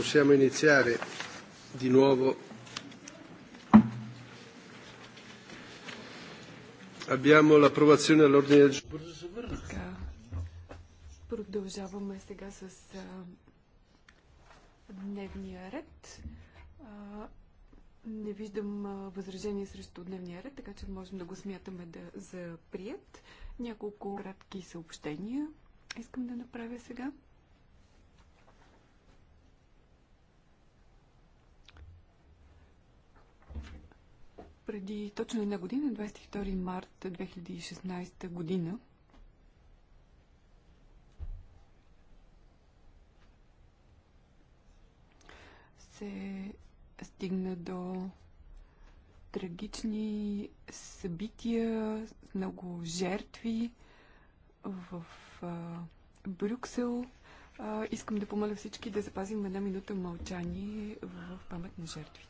possiamo iniziare di nuovo. Abbiamo l'approvazione all'ordine del giorno. Продължаваме сега с а, дневния ред. А, не виждам възражение срещу дневния ред, така че можем да го смятаме да, за прият. Няколко кратки съобщения искам да направя сега. преди точно една година, 22 март 2016 година, се стигна до трагични събития с много жертви в а, Брюксел. А, искам да помоля всички да запазим една минута мълчание в памет на жертвите.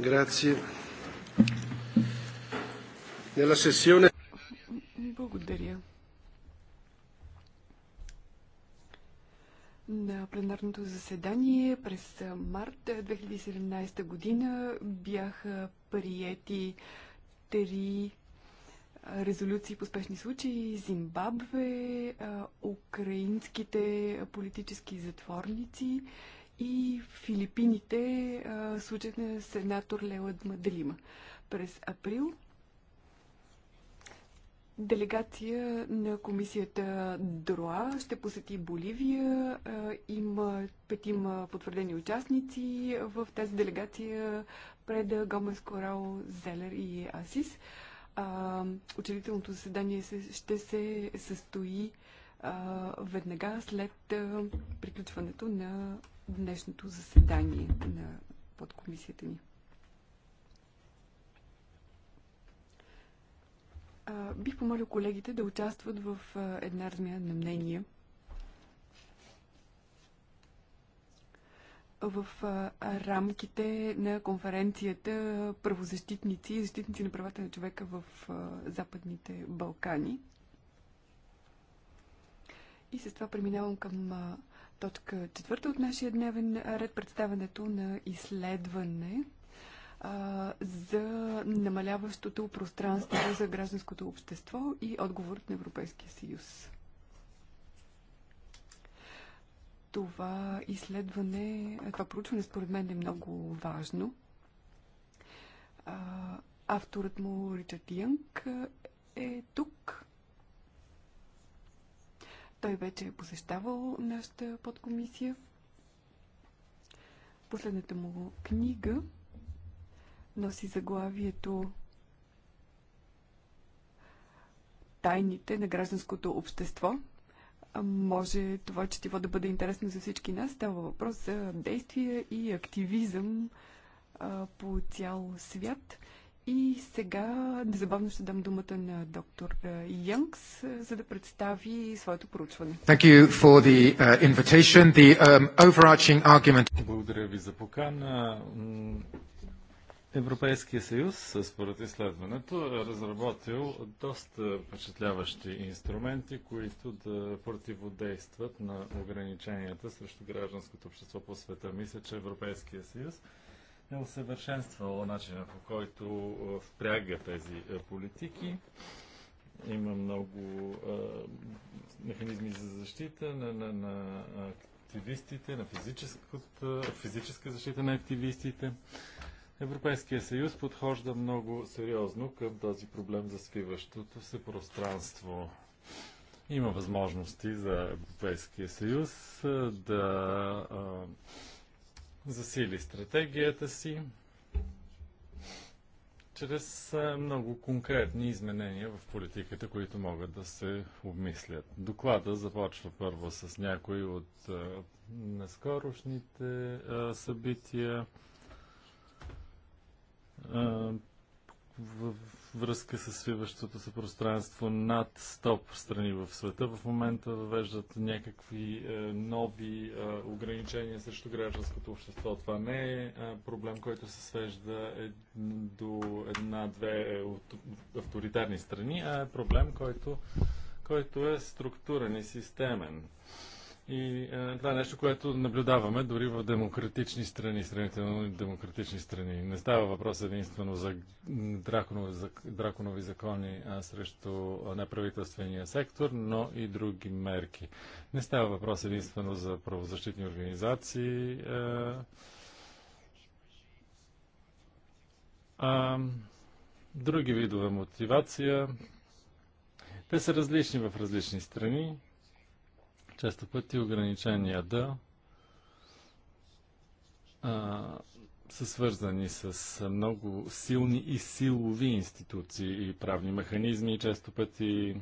Grazie. Nella sessione... Благодаря. На пленарното заседание през март 2017 година бяха приети три резолюции по спешни случаи Зимбабве, украинските политически затворници и Филипините, случаят на сенатор Лела Маделима. През април делегация на комисията ДРОА ще посети Боливия. Има петима потвърдени участници в тази делегация пред Гомес Корал, Зелер и Асис. Учредителното заседание ще се състои веднага след приключването на днешното заседание на подкомисията ни. бих помолил колегите да участват в една размяна на мнения. В рамките на конференцията Правозащитници и защитници на правата на човека в Западните Балкани. И с това преминавам към Точка четвърта от нашия дневен ред представянето на изследване а, за намаляващото пространство за гражданското общество и отговорът на Европейския съюз. Това изследване, това проучване според мен е много важно. А, авторът му Ричард Янг е тук. Той вече е посещавал нашата подкомисия. Последната му книга носи заглавието Тайните на гражданското общество. Може това четиво да бъде интересно за всички нас. Става въпрос за действия и активизъм по цял свят. И сега незабавно ще дам думата на доктор Янгс, е, е, за да представи своето проучване. Е, um, Благодаря ви за покана. Европейския съюз, според изследването, е разработил доста впечатляващи инструменти, които да противодействат на ограниченията срещу гражданското общество по света. Мисля, че Европейския съюз е усъвършенствало начина по който впряга тези политики. Има много механизми за защита на, на, на активистите, на физическа защита на активистите. Европейския съюз подхожда много сериозно към този проблем за свиващото се пространство. Има възможности за Европейския съюз да засили стратегията си чрез много конкретни изменения в политиката, които могат да се обмислят. Доклада започва първо с някои от а, наскорошните а, събития, а, във връзка с свиващото се пространство над 100 страни в света. В момента въвеждат някакви е, нови е, ограничения срещу гражданското общество. Това не е, е проблем, който се свежда е, до една-две авторитарни страни, а е проблем, който, който е структурен и системен. Е, и а, е, това е нещо, което наблюдаваме дори в демократични страни, сравнително демократични страни. Не става въпрос единствено за драконови, за, драконови закони а, срещу неправителствения сектор, но и други мерки. Не става въпрос единствено за правозащитни организации. А, е, а, други видове мотивация. Те са различни в различни страни често пъти ограничения да а, са свързани с много силни и силови институции и правни механизми често пъти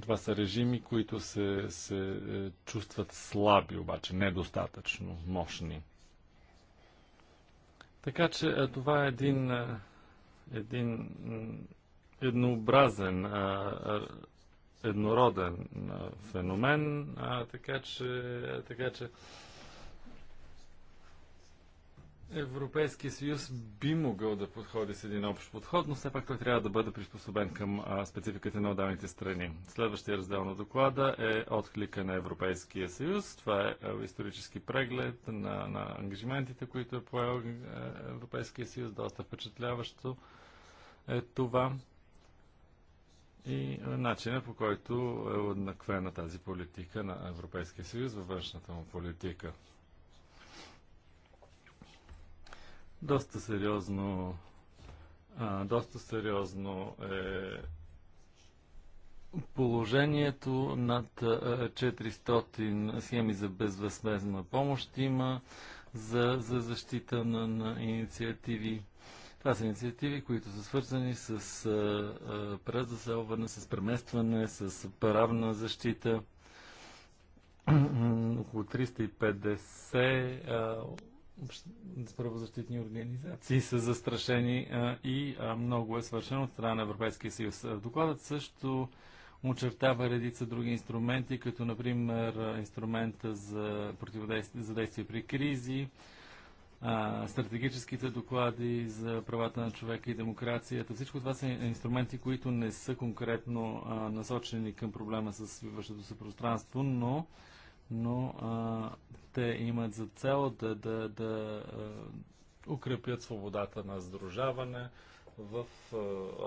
това са режими, които се, се е, чувстват слаби, обаче недостатъчно мощни. Така че е, това е един, е, един еднообразен еднороден феномен, а, така че, така че Европейския съюз би могъл да подходи с един общ подход, но все пак той трябва да бъде приспособен към спецификата на отделните страни. Следващия раздел на доклада е отклика на Европейския съюз. Това е исторически преглед на, на ангажиментите, които е поел Европейския съюз. Доста впечатляващо е това и начина по който е уеднаквена тази политика на Европейския съюз във външната му политика. Доста сериозно, а, доста сериозно е положението над 400 схеми за безвъзмезна помощ има за, за защита на, на инициативи това са инициативи, които са свързани с презаселване, с преместване, с правна защита. Около 350 правозащитни организации са застрашени и много е свършено от страна на Европейския съюз. Докладът също очертава редица други инструменти, като например инструмента за, противодействие, за действие при кризи, а, стратегическите доклади за правата на човека и демокрацията. Всичко това са инструменти, които не са конкретно а, насочени към проблема с свиващото се пространство, но, но а, те имат за цел да, да, да а, укрепят свободата на сдружаване в а,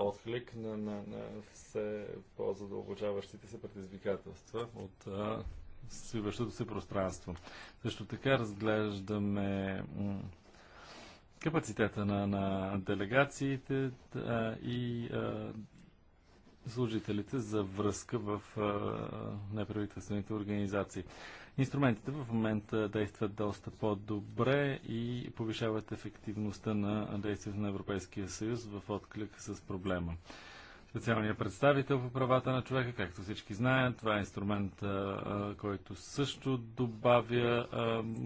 отклик на, на, на все по-задълбочаващите се предизвикателства от а, свиващото се пространство. Също така разглеждаме капацитета на, на делегациите и а, служителите за връзка в а, неправителствените организации. Инструментите в момента действат доста по-добре и повишават ефективността на действието на Европейския съюз в отклик с проблема специалния представител по правата на човека. Както всички знаят, това е инструмент, който също добавя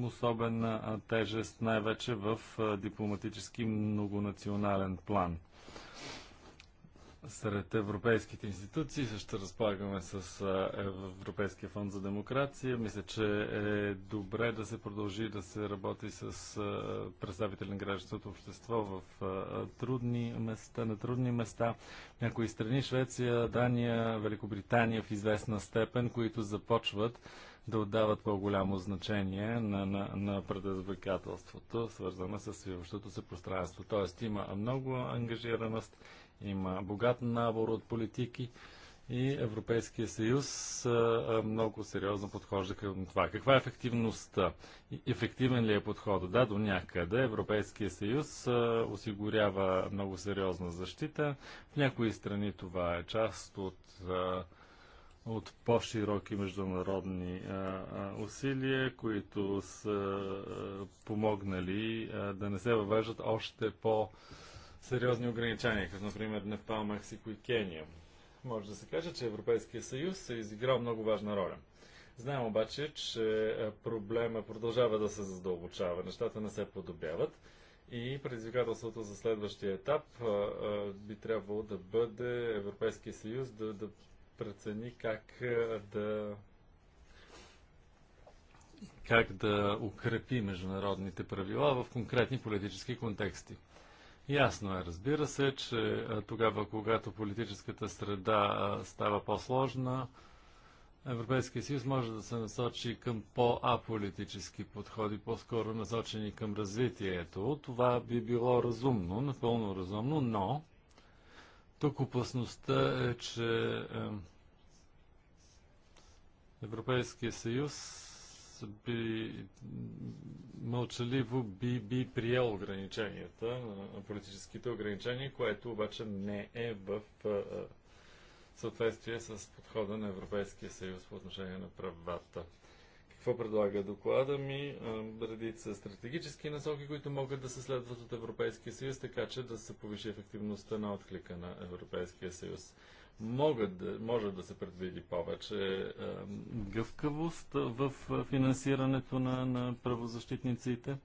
особена тежест, най-вече в дипломатически многонационален план сред европейските институции. Също разполагаме с Европейския фонд за демокрация. Мисля, че е добре да се продължи да се работи с представители на гражданското общество в трудни места, на трудни места. Някои страни, Швеция, Дания, Великобритания в известна степен, които започват да отдават по-голямо значение на, на, на предизвикателството, свързано с свиващото се пространство. Тоест има много ангажираност има богат набор от политики и Европейския съюз много сериозно подхожда към това. Каква е ефективността? Ефективен ли е подходът? Да, до някъде. Европейския съюз осигурява много сериозна защита. В някои страни това е част от от по-широки международни а, а, усилия, които са а, помогнали а, да не се въвеждат още по- а, сериозни ограничения, като например Непал, Мексико и Кения. Може да се каже, че Европейския съюз е изиграл много важна роля. Знаем обаче, че е, проблема продължава да се задълбочава, нещата не се подобяват и предизвикателството за следващия етап е, е, би трябвало да бъде Европейския съюз да, да прецени как да как да укрепи международните правила в конкретни политически контексти. Ясно е, разбира се, че тогава, когато политическата среда става по-сложна, Европейския съюз може да се насочи към по-аполитически подходи, по-скоро насочени към развитието. Това би било разумно, напълно разумно, но тук опасността е, че Европейския съюз би мълчаливо би, би приел ограниченията, политическите ограничения, което обаче не е в съответствие с подхода на Европейския съюз по отношение на правата. Какво предлага доклада ми? Редица стратегически насоки, които могат да се следват от Европейския съюз, така че да се повиши ефективността на отклика на Европейския съюз могат да, може да се предвиди повече е, гъвкавост в финансирането на, на правозащитниците.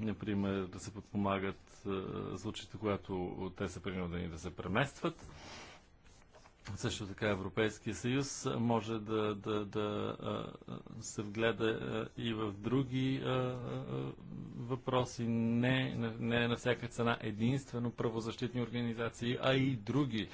Например, да се подпомагат е, случаите, когато те са принудени да се преместват също така Европейския съюз може да, да, да се вгледа и в други въпроси, не, не на всяка цена единствено правозащитни организации, а и други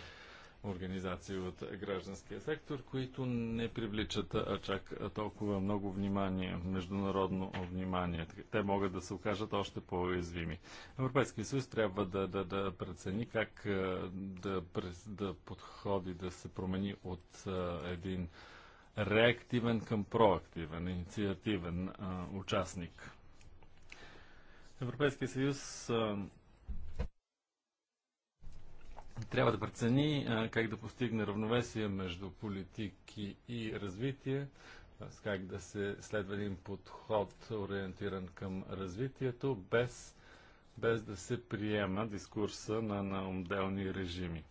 организации от гражданския сектор, които не привличат чак толкова много внимание, международно внимание. Те могат да се окажат още по-уязвими. Европейския съюз трябва да, да, да прецени как да, да подходи, да се промени от един реактивен към проактивен, инициативен а, участник. Европейския съюз а, трябва да прецени как да постигне равновесие между политики и развитие, с как да се следва един подход, ориентиран към развитието, без, без да се приема дискурса на, на отделни режими,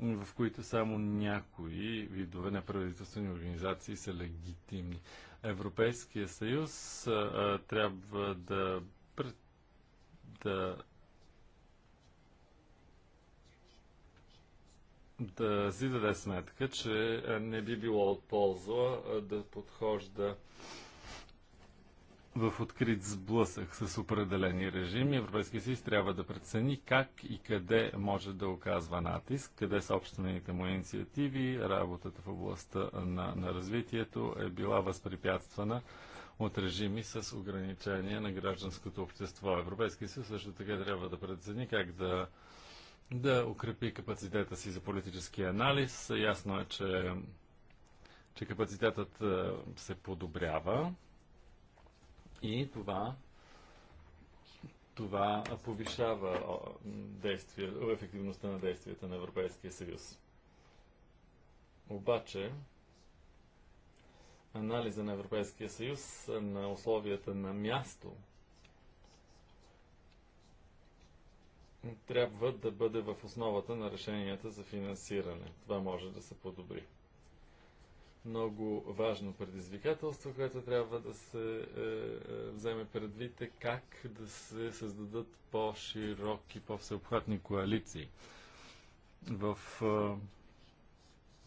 в които само някои видове неправителствени организации са легитимни. Европейския съюз а, трябва да, да да си даде сметка, че не би било от полза да подхожда в открит сблъсък с определени режими. Европейския съюз трябва да прецени как и къде може да оказва натиск, къде собствените му инициативи, работата в областта на, на развитието е била възпрепятствана от режими с ограничения на гражданското общество. Европейския съюз също така трябва да прецени как да да укрепи капацитета си за политически анализ. Ясно е, че, че капацитетът е, се подобрява и това това повишава действие, ефективността на действията на Европейския съюз. Обаче, анализа на Европейския съюз на условията на място трябва да бъде в основата на решенията за финансиране. Това може да се подобри. Много важно предизвикателство, което трябва да се е, е, вземе предвид е как да се създадат по-широки, по-всеобхватни коалиции в е,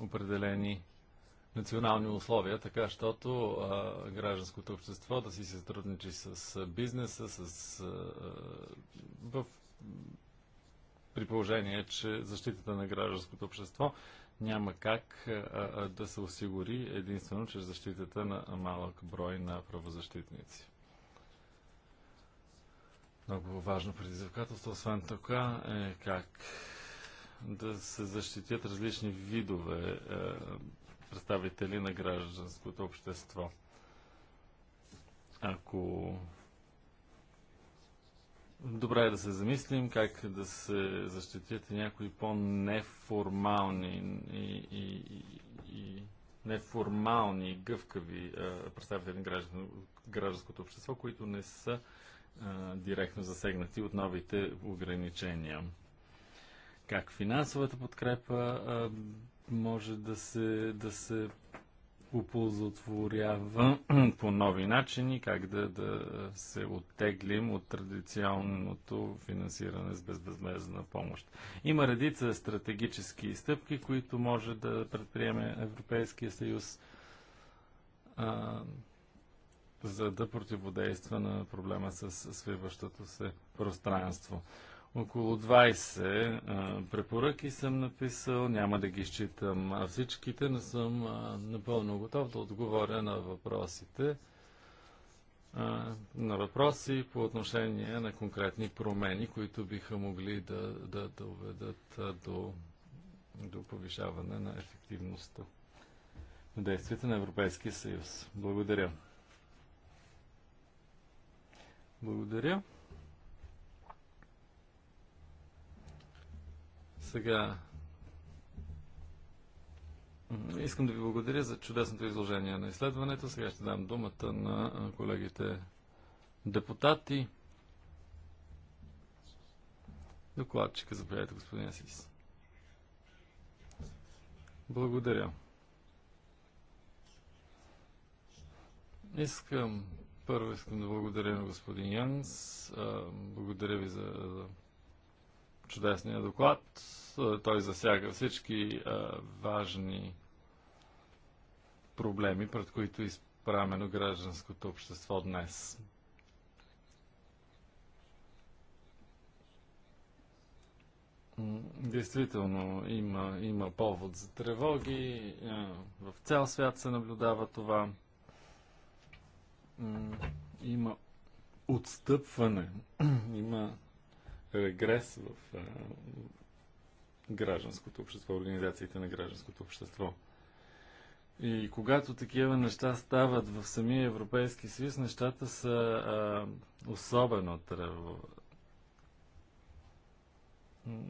определени национални условия, така щото е, гражданското общество да си сътрудничи с е, бизнеса, с, е, е в при положение, че защитата на гражданското общество няма как а, да се осигури единствено чрез защитата на малък брой на правозащитници. Много важно предизвикателство, освен така, е как да се защитят различни видове е, представители на гражданското общество. Ако Добре е да се замислим как да се защитят някои по-неформални и, и, и неформални, гъвкави а, представители на граждан, гражданското общество, които не са а, директно засегнати от новите ограничения. Как финансовата подкрепа а, може да се, да се оползотворява по нови начини, как да, да се оттеглим от традиционното финансиране с безвъзмезна помощ. Има редица стратегически стъпки, които може да предприеме Европейския съюз а, за да противодейства на проблема с свиващото се пространство. Около 20 препоръки съм написал, няма да ги считам всичките, но съм напълно готов да отговоря на въпросите на въпроси по отношение на конкретни промени, които биха могли да, да доведат до, до повишаване на ефективността на действията на Европейския съюз. Благодаря. Благодаря. Сега искам да ви благодаря за чудесното изложение на изследването. Сега ще дам думата на колегите депутати. Докладчика, заповядайте, господин Асис. Благодаря. Искам, първо искам да благодаря на господин Янс. Благодаря ви за чудесния доклад. Той засяга всички важни проблеми, пред които е изправено гражданското общество днес. Действително има, има повод за тревоги. В цял свят се наблюдава това. Има отстъпване. Има регрес в гражданското общество, организациите на гражданското общество. И когато такива неща стават в самия Европейски съюз, нещата са а, особено, тревож...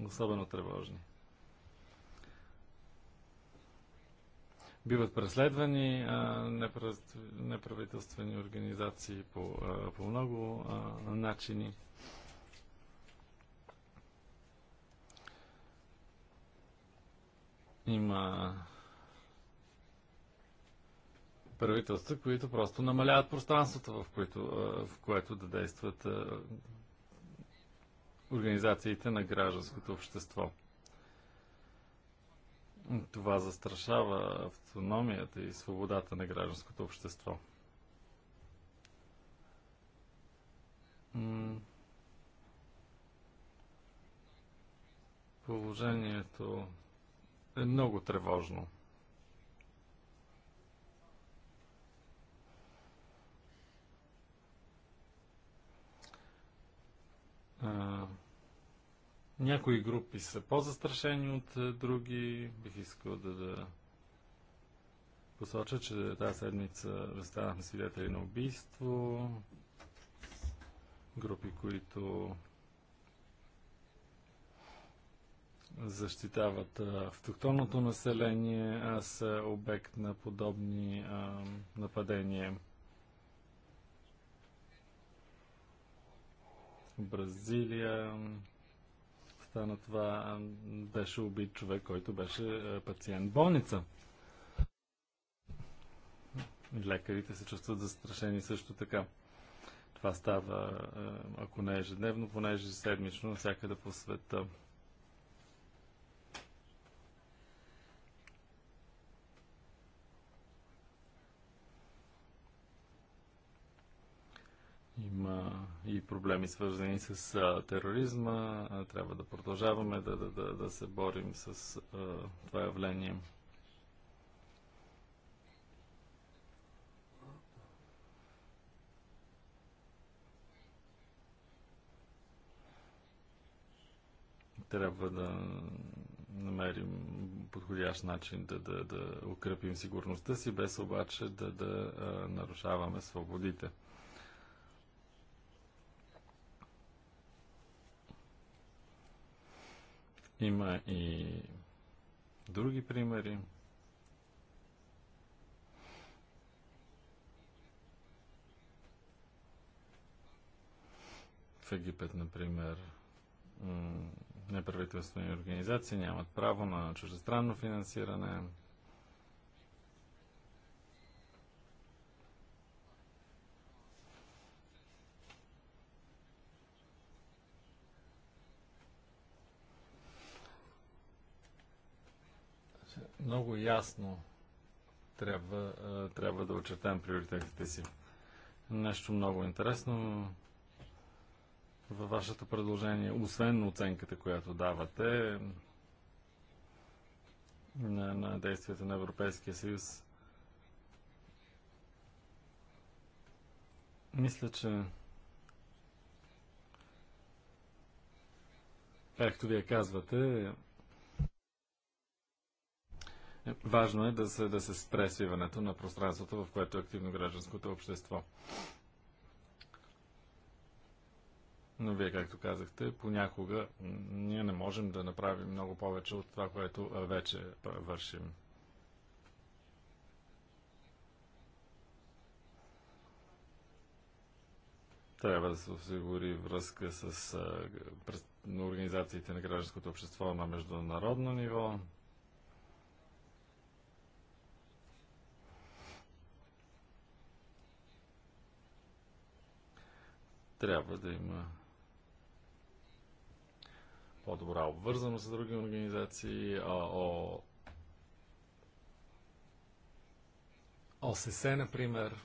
особено тревожни. Биват преследвани а, неправителствени организации по, а, по много а, начини. Има правителства, които просто намаляват пространството, в, които, в което да действат организациите на гражданското общество. Това застрашава автономията и свободата на гражданското общество. Положението е много тревожно. А, някои групи са по-застрашени от е, други. Бих искал да, да посоча, че тази седмица станахме свидетели на убийство. Групи, които защитават автохтонното население, а са обект на подобни а, нападения. Бразилия стана това, беше убит човек, който беше пациент в болница. Лекарите се чувстват застрашени също така. Това става, ако не ежедневно, понеже седмично, всякъде по света. и проблеми свързани с а, тероризма. А, трябва да продължаваме да, да, да, да се борим с а, това явление. Трябва да намерим подходящ начин да, да, да укрепим сигурността си, без обаче да, да а, нарушаваме свободите. Има и други примери. В Египет, например, неправителствени организации нямат право на чуждестранно финансиране. много ясно трябва, трябва да очертаем приоритетите си. Нещо много интересно във вашето предложение, освен оценката, която давате на, на действията на Европейския съюз, мисля, че както вие казвате, Важно е да се, да се спре свиването на пространството, в което е активно гражданското общество. Но вие, както казахте, понякога ние не можем да направим много повече от това, което вече вършим. Трябва да се осигури връзка с организациите на гражданското общество на международно ниво, трябва да има по-добра обвързаност с други организации, ООО, ОСС, например.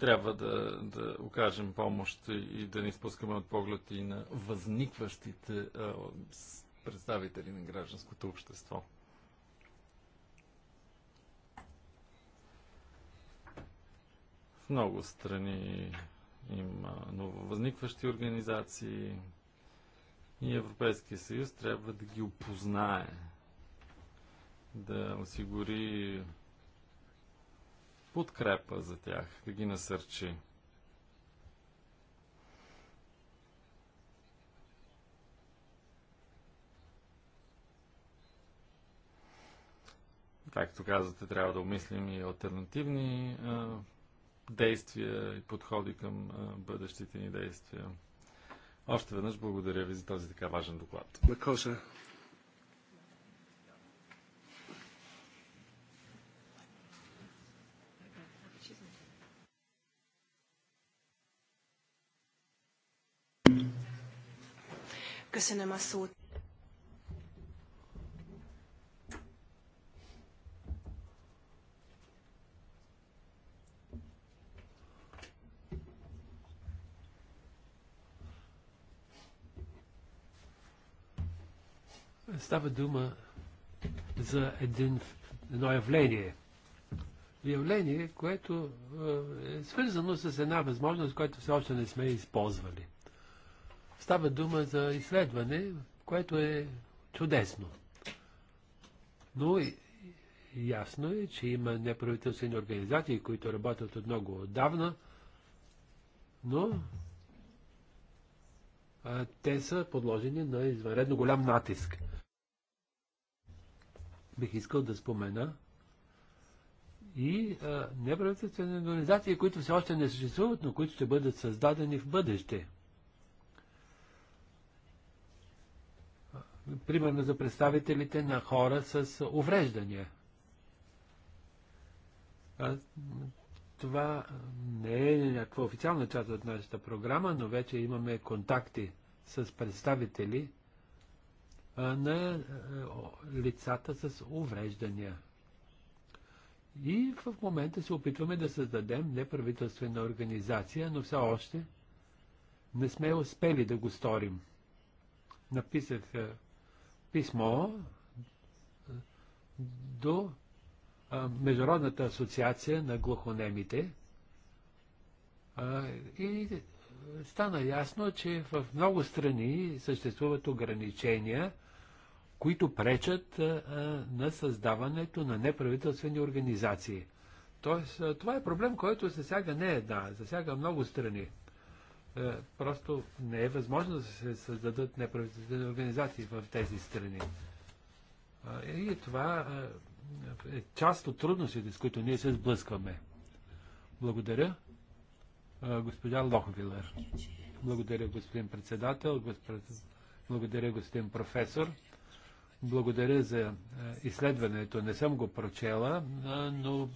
Трябва да, да окажем помощ и да не изпускаме от поглед и на възникващите а, представители на гражданското общество. В много страни има нововъзникващи организации и Европейския съюз трябва да ги опознае, да осигури подкрепа за тях, да ги насърчи. Както казвате, трябва да обмислим и альтернативни действия и подходи към бъдещите ни действия. Още веднъж благодаря ви за този така важен доклад. Макоса. Köszönöm a szót. Става дума за един, едно явление. Явление, което е, е свързано с една възможност, която все още не сме използвали. Става дума за изследване, което е чудесно. Но ясно е, че има неправителствени организации, които работят от много отдавна, но а, те са подложени на извънредно голям натиск бих искал да спомена и неправителствени организации, които все още не съществуват, но които ще бъдат създадени в бъдеще. Примерно за представителите на хора с увреждания. А, това не е някаква официална част от нашата програма, но вече имаме контакти с представители на лицата с увреждания. И в момента се опитваме да създадем неправителствена организация, но все още не сме успели да го сторим. Написах писмо до Международната асоциация на глухонемите и стана ясно, че в много страни съществуват ограничения които пречат на създаването на неправителствени организации. Тоест, това е проблем, който засяга не една, засяга много страни. Е, просто не е възможно да се създадат неправителствени организации в тези страни. И това е част от трудностите, с които ние се сблъскваме. Благодаря. Госпожа Лохвилер. Благодаря, господин председател. Благодаря, господин професор. Благодаря за е, изследването. Не съм го прочела, е, но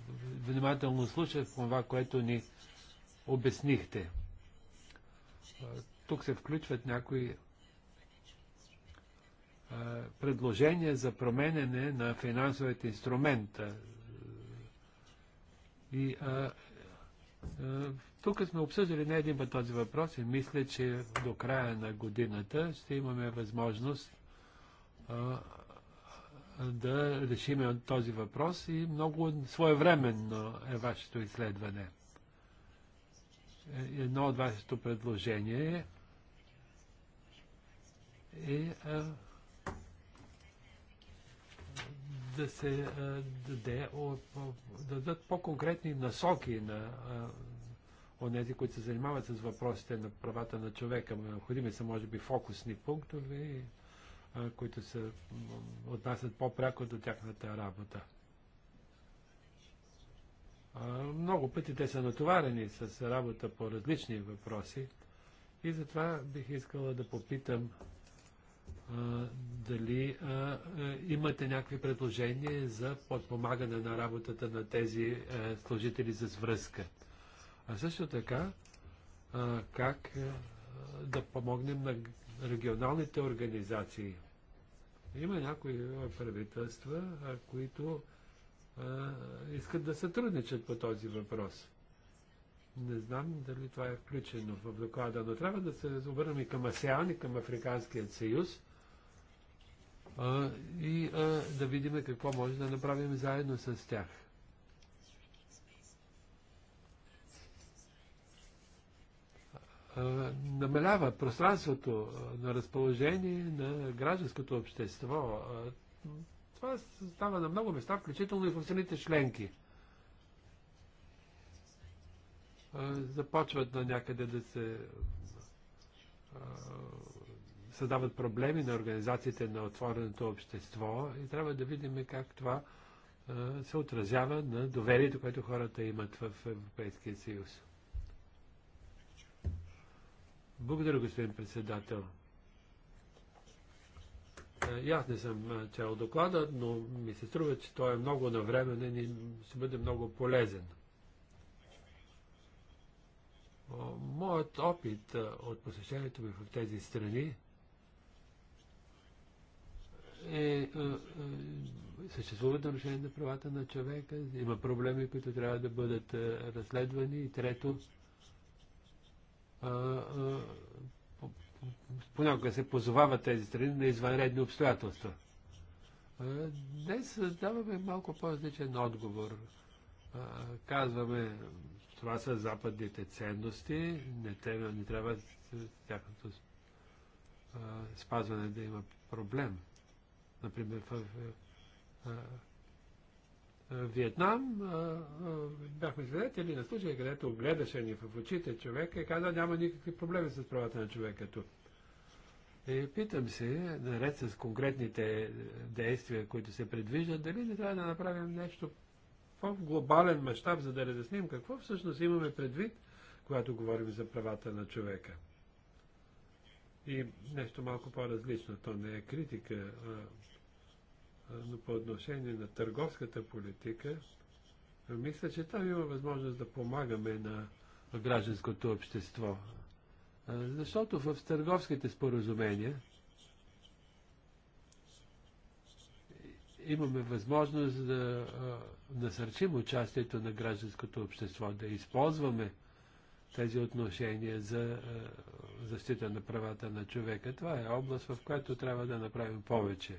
внимателно слушах това, което ни обяснихте. Е, тук се включват някои предложения за променене на финансовите инструмента. И а, а, тук сме обсъждали не един път този въпрос и мисля, че до края на годината ще имаме възможност а, да решим този въпрос и много своевременно е вашето изследване. Е, едно от вашето предложение е а, е, да се а, е, даде, о, дадат по-конкретни насоки на онези, които се занимават с въпросите на правата на човека. Необходими са, може би, фокусни пунктове които се отнасят по-пряко до тяхната работа. Много пъти те са натоварени с работа по различни въпроси и затова бих искала да попитам дали имате някакви предложения за подпомагане на работата на тези служители с връзка. А също така, как да помогнем на регионалните организации. Има някои правителства, които искат да сътрудничат по този въпрос. Не знам дали това е включено в доклада, но трябва да се обърнем и към АСЕАН и към Африканският съюз и да видим какво може да направим заедно с тях. намалява пространството на разположение на гражданското общество. Това става на много места, включително и в страните членки. Започват на някъде да се създават проблеми на организациите на отвореното общество и трябва да видим как това се отразява на доверието, което хората имат в Европейския съюз. Благодаря, господин председател. Е, не съм е, чел доклада, но ми се струва, че той е много навременен и ще бъде много полезен. Моят опит е, от посещението ми в тези страни е, съществуват нарушения на правата на човека, има проблеми, които трябва да бъдат разследвани и трето, понякога се позовават тези страни на извънредни обстоятелства. Днес даваме малко по-различен отговор. Казваме, това са западните ценности, не, трябва, не трябва тяхното спазване да има проблем. Например, в Виетнам бяхме свидетели на случая, където гледаше ни в очите човека и каза, няма никакви проблеми с правата на човека тук. Е, и питам се, наред с конкретните действия, които се предвиждат, дали не трябва да направим нещо по-глобален мащаб, за да разясним какво всъщност имаме предвид, когато говорим за правата на човека. И нещо малко по-различно. То не е критика, но по отношение на търговската политика, мисля, че там има възможност да помагаме на гражданското общество. Защото в търговските споразумения имаме възможност да насърчим участието на гражданското общество, да използваме тези отношения за защита на правата на човека. Това е област, в която трябва да направим повече.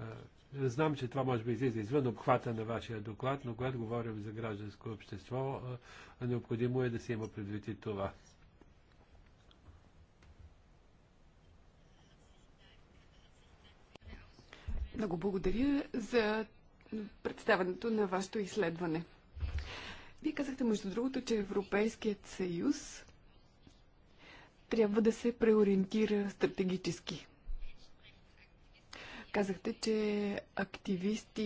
Е, знам, че това може би излиза извън обхвата на вашия доклад, но когато говорим за гражданско общество, е, необходимо е да се има предвид и това. Много благодаря за представенето на вашето изследване. Вие казахте, между другото, че Европейският съюз трябва да се преориентира стратегически. Казахте, че активисти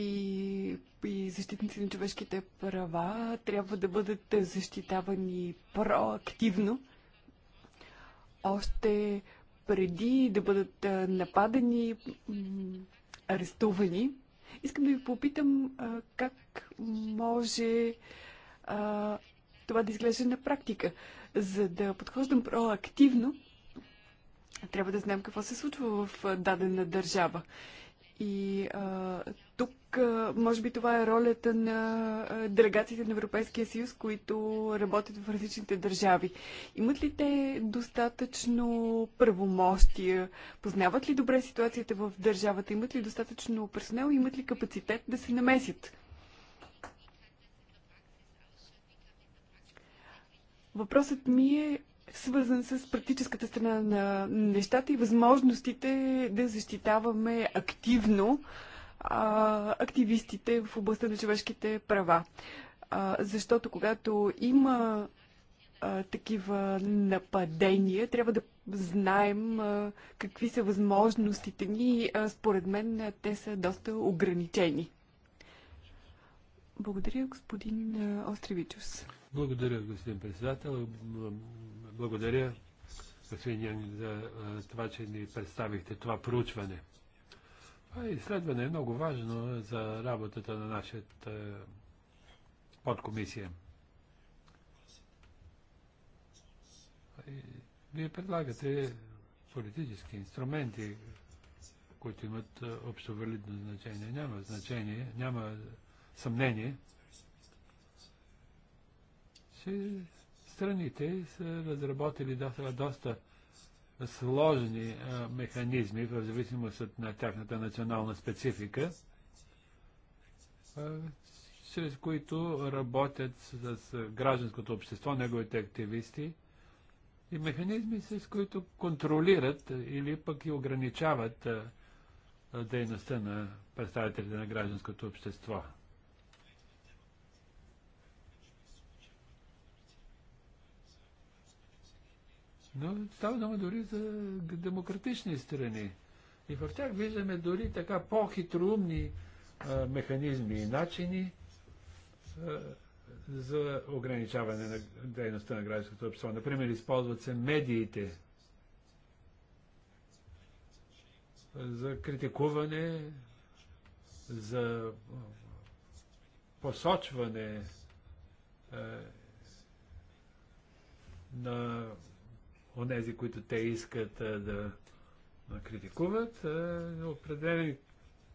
и защитници на човешките права трябва да бъдат защитавани проактивно. Още преди да бъдат нападани, арестувани. Искам да ви попитам как може това да изглежда на практика. За да подхождам проактивно, трябва да знаем какво се случва в дадена държава. И а, тук, а, може би, това е ролята на делегациите на Европейския съюз, които работят в различните държави. Имат ли те достатъчно правомощия? Познават ли добре ситуацията в държавата? Имат ли достатъчно персонал? Имат ли капацитет да се намесят? Въпросът ми е свързан с практическата страна на нещата и възможностите да защитаваме активно а, активистите в областта на човешките права. А, защото когато има а, такива нападения, трябва да знаем а, какви са възможностите ни. А, според мен а, те са доста ограничени. Благодаря, господин Остревичус. Благодаря, господин председател. Благодаря, господин за това, че ни представихте това проучване. А изследване е много важно за работата на нашата подкомисия. Вие предлагате политически инструменти, които имат общо валидно значение. Няма значение, няма съмнение, че страните са разработили доста, доста сложни а, механизми в зависимост от на тяхната национална специфика, а, чрез които работят с, с гражданското общество, неговите активисти и механизми, с които контролират или пък и ограничават а, дейността на представителите на гражданското общество. Но става дума е дори за демократични страни. И в тях виждаме дори така по-хитроумни механизми и начини а, за ограничаване на дейността на гражданското общество. Например, използват се медиите за критикуване, за посочване а, на онези, които те искат а, да критикуват. А, определени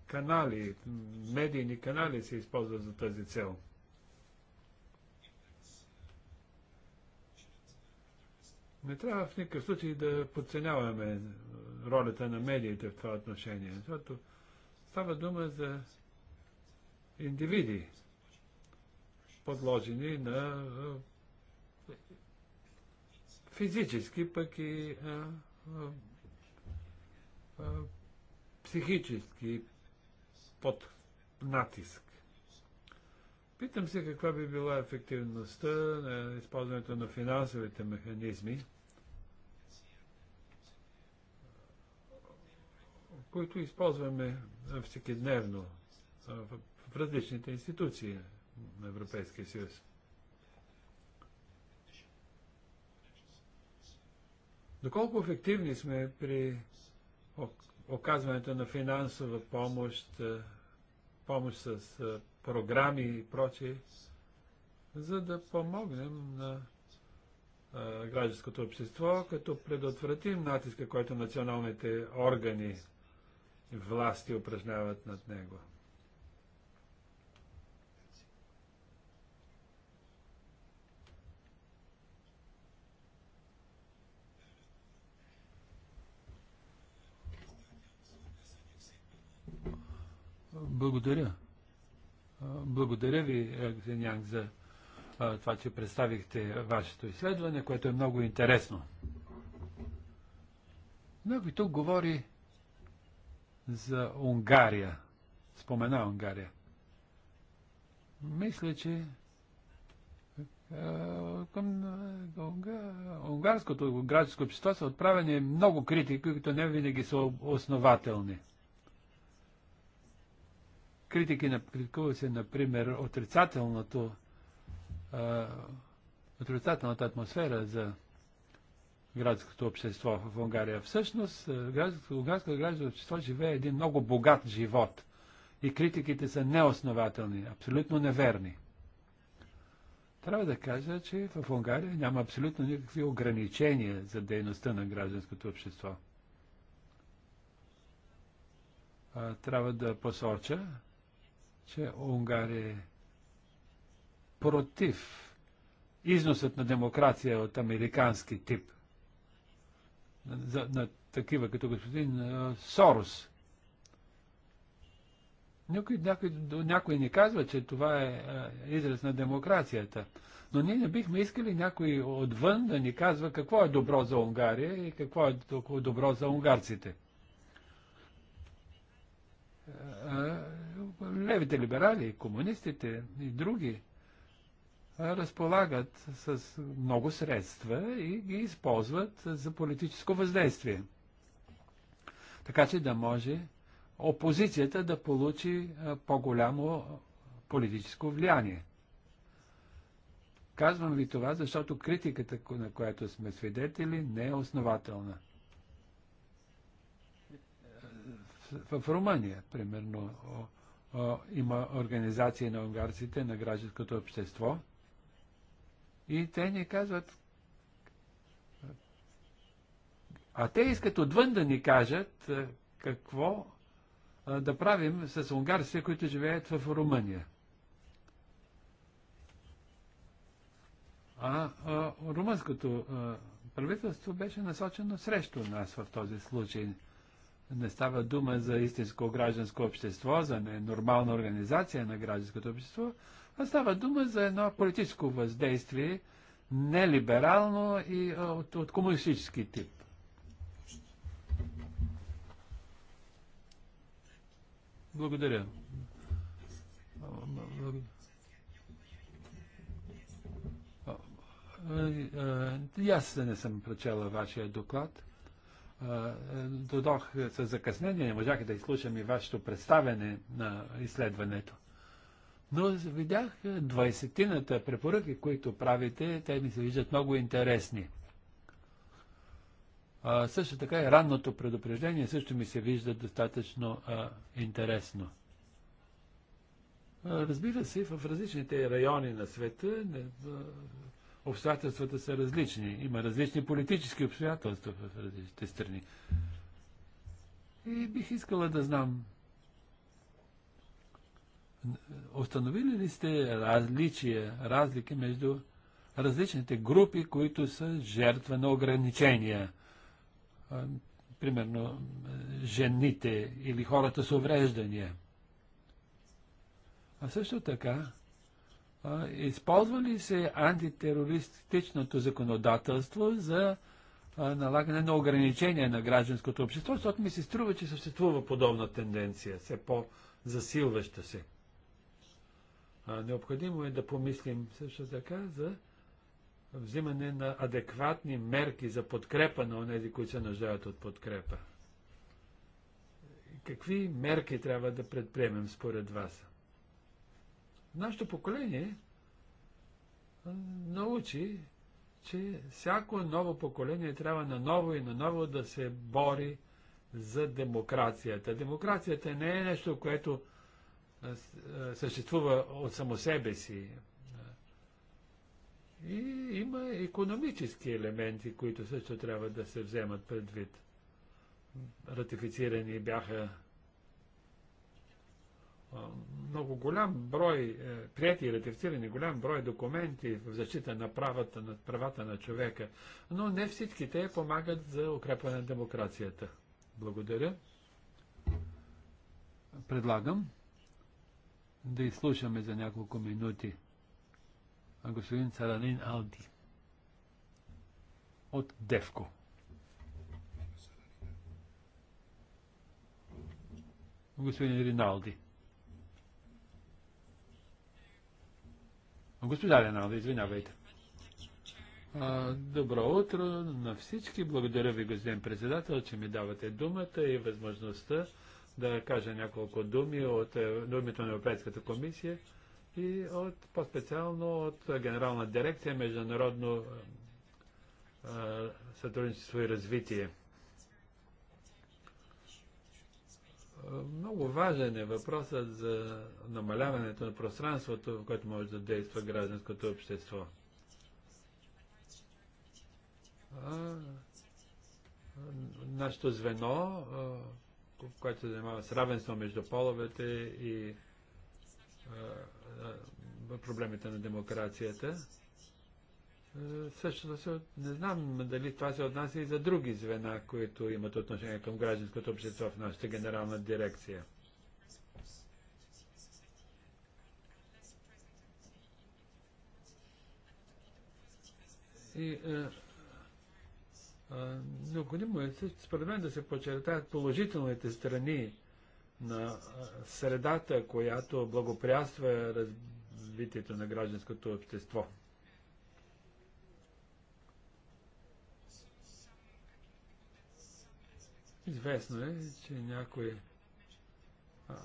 канали, медийни канали се използват за тази цел. Не трябва в никакъв случай да подценяваме ролята на медиите в това отношение, защото става дума за индивиди, подложени на физически, пък и а, а, психически под натиск. Питам се каква би била ефективността на използването на финансовите механизми, които използваме всекидневно в различните институции на Европейския съюз. Доколко ефективни сме при оказването на финансова помощ, е, помощ с е, програми и прочие, за да помогнем на е, гражданското общество, като предотвратим натиска, който националните органи и власти упражняват над него. Благодаря. Благодаря ви, е, господин за това, че представихте вашето изследване, което е много интересно. ви тук говори за Унгария. Спомена Унгария. Мисля, че към унгарското градско общество са отправени много критики, които не винаги са основателни. Критики на, критикува се, например, отрицателното, отрицателната атмосфера за градското общество в Унгария. Всъщност, градското, унгарското градско общество живее един много богат живот. И критиките са неоснователни, абсолютно неверни. Трябва да кажа, че в Унгария няма абсолютно никакви ограничения за дейността на гражданското общество. Трябва да посоча, че Унгария е против износът на демокрация от американски тип на такива като господин Сорос. Някой, някой, някой ни казва, че това е израз на демокрацията. Но ние не бихме искали някой отвън да ни казва какво е добро за Унгария и какво е добро за унгарците левите либерали, комунистите и други разполагат с много средства и ги използват за политическо въздействие. Така че да може опозицията да получи по-голямо политическо влияние. Казвам ви това, защото критиката, на която сме свидетели, не е основателна. В, в Румъния, примерно, има организации на унгарците, на гражданското общество. И те ни казват, а те искат отвън да ни кажат какво да правим с унгарците, които живеят в Румъния. А, а румънското а, правителство беше насочено срещу нас в този случай. Не става дума за истинско гражданско общество, за нормална организация на гражданското общество, а става дума за едно политическо въздействие, нелиберално и от, от комунистически тип. Благодаря. И аз не съм прочела вашия доклад додох е, с закъснение, не можах да изслушам и вашето представяне на изследването. Но видях 20-тината е, препоръки, които правите, те ми се виждат много интересни. А, също така и ранното предупреждение също ми се вижда достатъчно а, интересно. А, разбира се, в различните райони на света не, а, обстоятелствата са различни. Има различни политически обстоятелства в различните страни. И бих искала да знам, установили ли сте различия, разлики между различните групи, които са жертва на ограничения? Примерно, жените или хората с увреждания. А също така, използва ли се антитерористичното законодателство за налагане на ограничения на гражданското общество, защото ми се струва, че съществува подобна тенденция, все по-засилваща се. А, необходимо е да помислим също така за взимане на адекватни мерки за подкрепа на онези, които се нуждаят от подкрепа. Какви мерки трябва да предприемем според вас? Нашето поколение научи, че всяко ново поколение трябва на ново и на ново да се бори за демокрацията. Демокрацията не е нещо, което съществува от само себе си. И има економически елементи, които също трябва да се вземат предвид. Ратифицирани бяха много голям брой, е, прияти и ратифицирани голям брой документи в защита на правата, на правата на човека, но не всички те помагат за укрепване на демокрацията. Благодаря. Предлагам да изслушаме за няколко минути господин Царанин Алди от Девко. Господин Риналди. Госпожа Леналда, извинявайте. А, добро утро на всички. Благодаря ви, господин председател, че ми давате думата и възможността да кажа няколко думи от е, думите на Европейската комисия и от, по-специално от Генерална дирекция Международно а, е, е, сътрудничество и развитие. Много важен е въпросът за намаляването на пространството, в което може да действа гражданското общество. А, нашето звено, което се занимава с равенство между половете и а, проблемите на демокрацията, е, също не знам дали това се отнася и за други звена, които имат отношение към гражданското общество в нашата генерална дирекция. И е, е необходимо е, според мен, да се подчертаят положителните страни на е, средата, която благоприятства развитието на гражданското общество. Известно е, че някои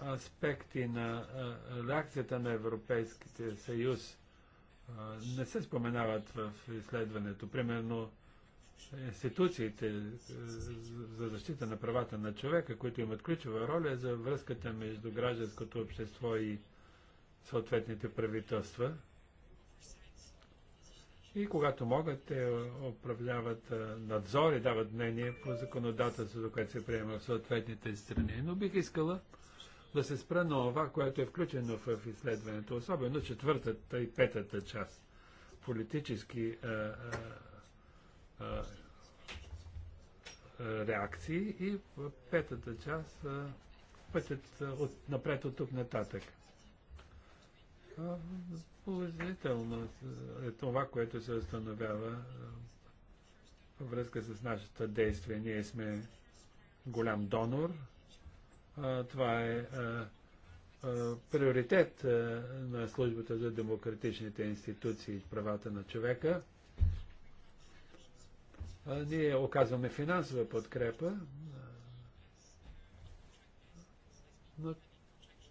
аспекти на реакцията на Европейските съюз не се споменават в изследването. Примерно, институциите за защита на правата на човека, които имат ключова роля за връзката между гражданското общество и съответните правителства – и когато могат, те управляват надзор и дават мнение по законодателството, което се приема в съответните страни. Но бих искала да се спра на това, което е включено в изследването, особено четвъртата и петата част. Политически а, а, а, реакции и в петата част а, пътят от, напред от тук нататък. Положително е това, което се установява във връзка с нашата действие. Ние сме голям донор. това е приоритет на службата за демократичните институции и правата на човека. Ние оказваме финансова подкрепа, но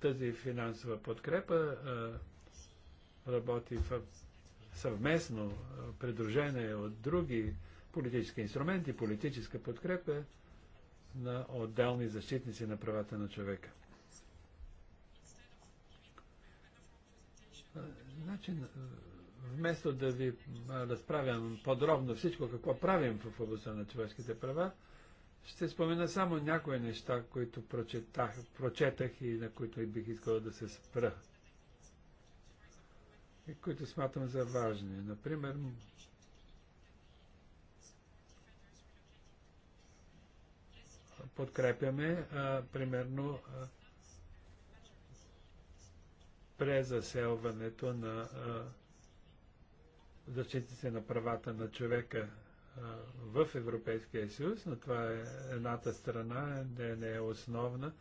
тази финансова подкрепа работи в съвместно, придружена е от други политически инструменти, политическа подкрепа на отделни защитници на правата на човека. Значи, вместо да ви разправям подробно всичко какво правим в областта на човешките права, ще спомена само някои неща, които прочетах, прочетах и на които бих искал да се спра които смятам за важни. Например, подкрепяме а, примерно а, презаселването на а, защитите на правата на човека а, в Европейския съюз, но това е едната страна, не, не е основна.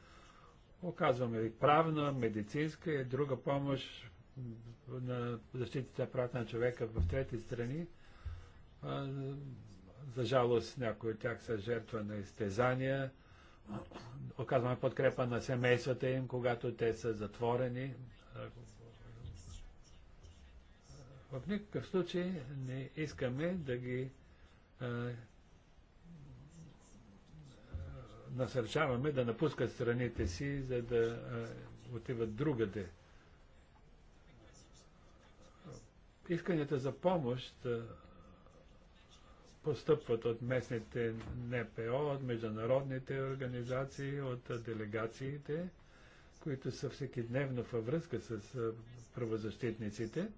Оказваме и правна, медицинска и друга помощ на защитите на правата на човека в трети страни. за жалост някои от тях са жертва на изтезания. Оказваме подкрепа на семействата им, когато те са затворени. В никакъв случай не искаме да ги насърчаваме да напускат страните си, за да отиват другаде. Исканията за помощ постъпват от местните НПО, от международните организации, от делегациите, които са всекидневно във връзка с правозащитниците.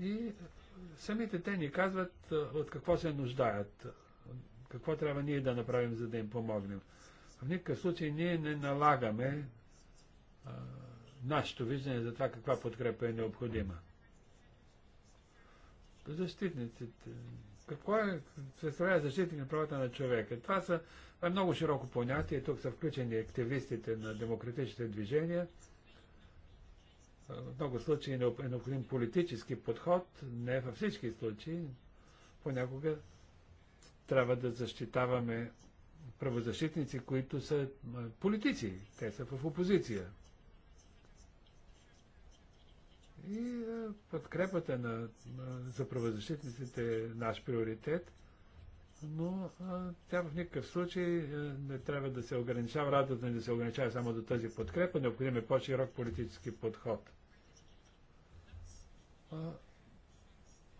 И самите те ни казват от какво се нуждаят, какво трябва ние да направим, за да им помогнем. В никакъв случай ние не налагаме нашето виждане за това каква подкрепа е необходима. Защитниците. Какво е представлява защитник на правата на човека? Това са, е много широко понятие. Тук са включени активистите на демократичните движения. В много случаи е, е необходим политически подход, не във всички случаи. Понякога трябва да защитаваме правозащитници, които са политици. Те са в опозиция. И подкрепата на, за правозащитниците е наш приоритет, но тя в никакъв случай не трябва да се ограничава, радата не да се ограничава само до тази подкрепа, необходим е по-широк политически подход.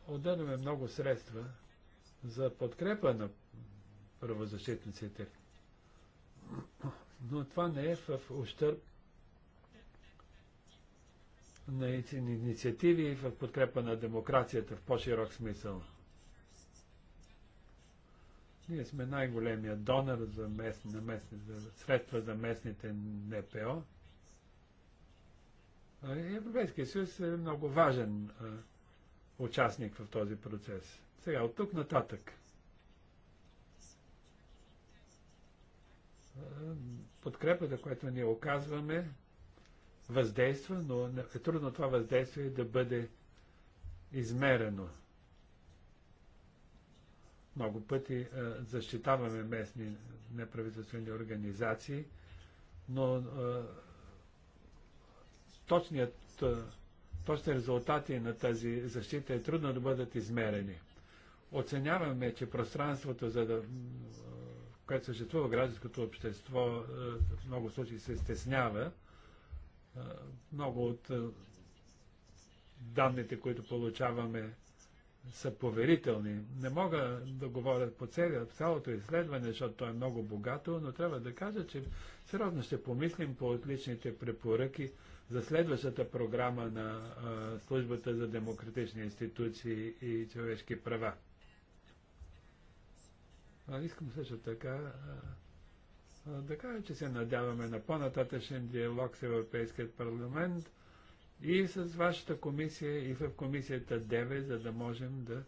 Отделяме много средства за подкрепа на правозащитниците, но това не е в ущърп на инициативи в подкрепа на демокрацията в по-широк смисъл. Ние сме най-големия донор за, мест, на местни, за средства за местните НПО. Европейския съюз е много важен а, участник в този процес. Сега, от тук нататък. Подкрепата, която ние оказваме, въздейства, но е трудно това въздействие да бъде измерено. Много пъти е, защитаваме местни неправителствени организации, но а, е, точният, е, точни резултати на тази защита е трудно да бъдат измерени. Оценяваме, че пространството, за да, което съществува гражданското общество, в много случаи се стеснява, много от данните, които получаваме, са поверителни. Не мога да говоря по цялото изследване, защото то е много богато, но трябва да кажа, че сериозно ще помислим по отличните препоръки за следващата програма на Службата за демократични институции и човешки права. искам също така да кажа, е, че се надяваме на по-нататъчен диалог с Европейският парламент и с вашата комисия и в комисията 9, за да можем да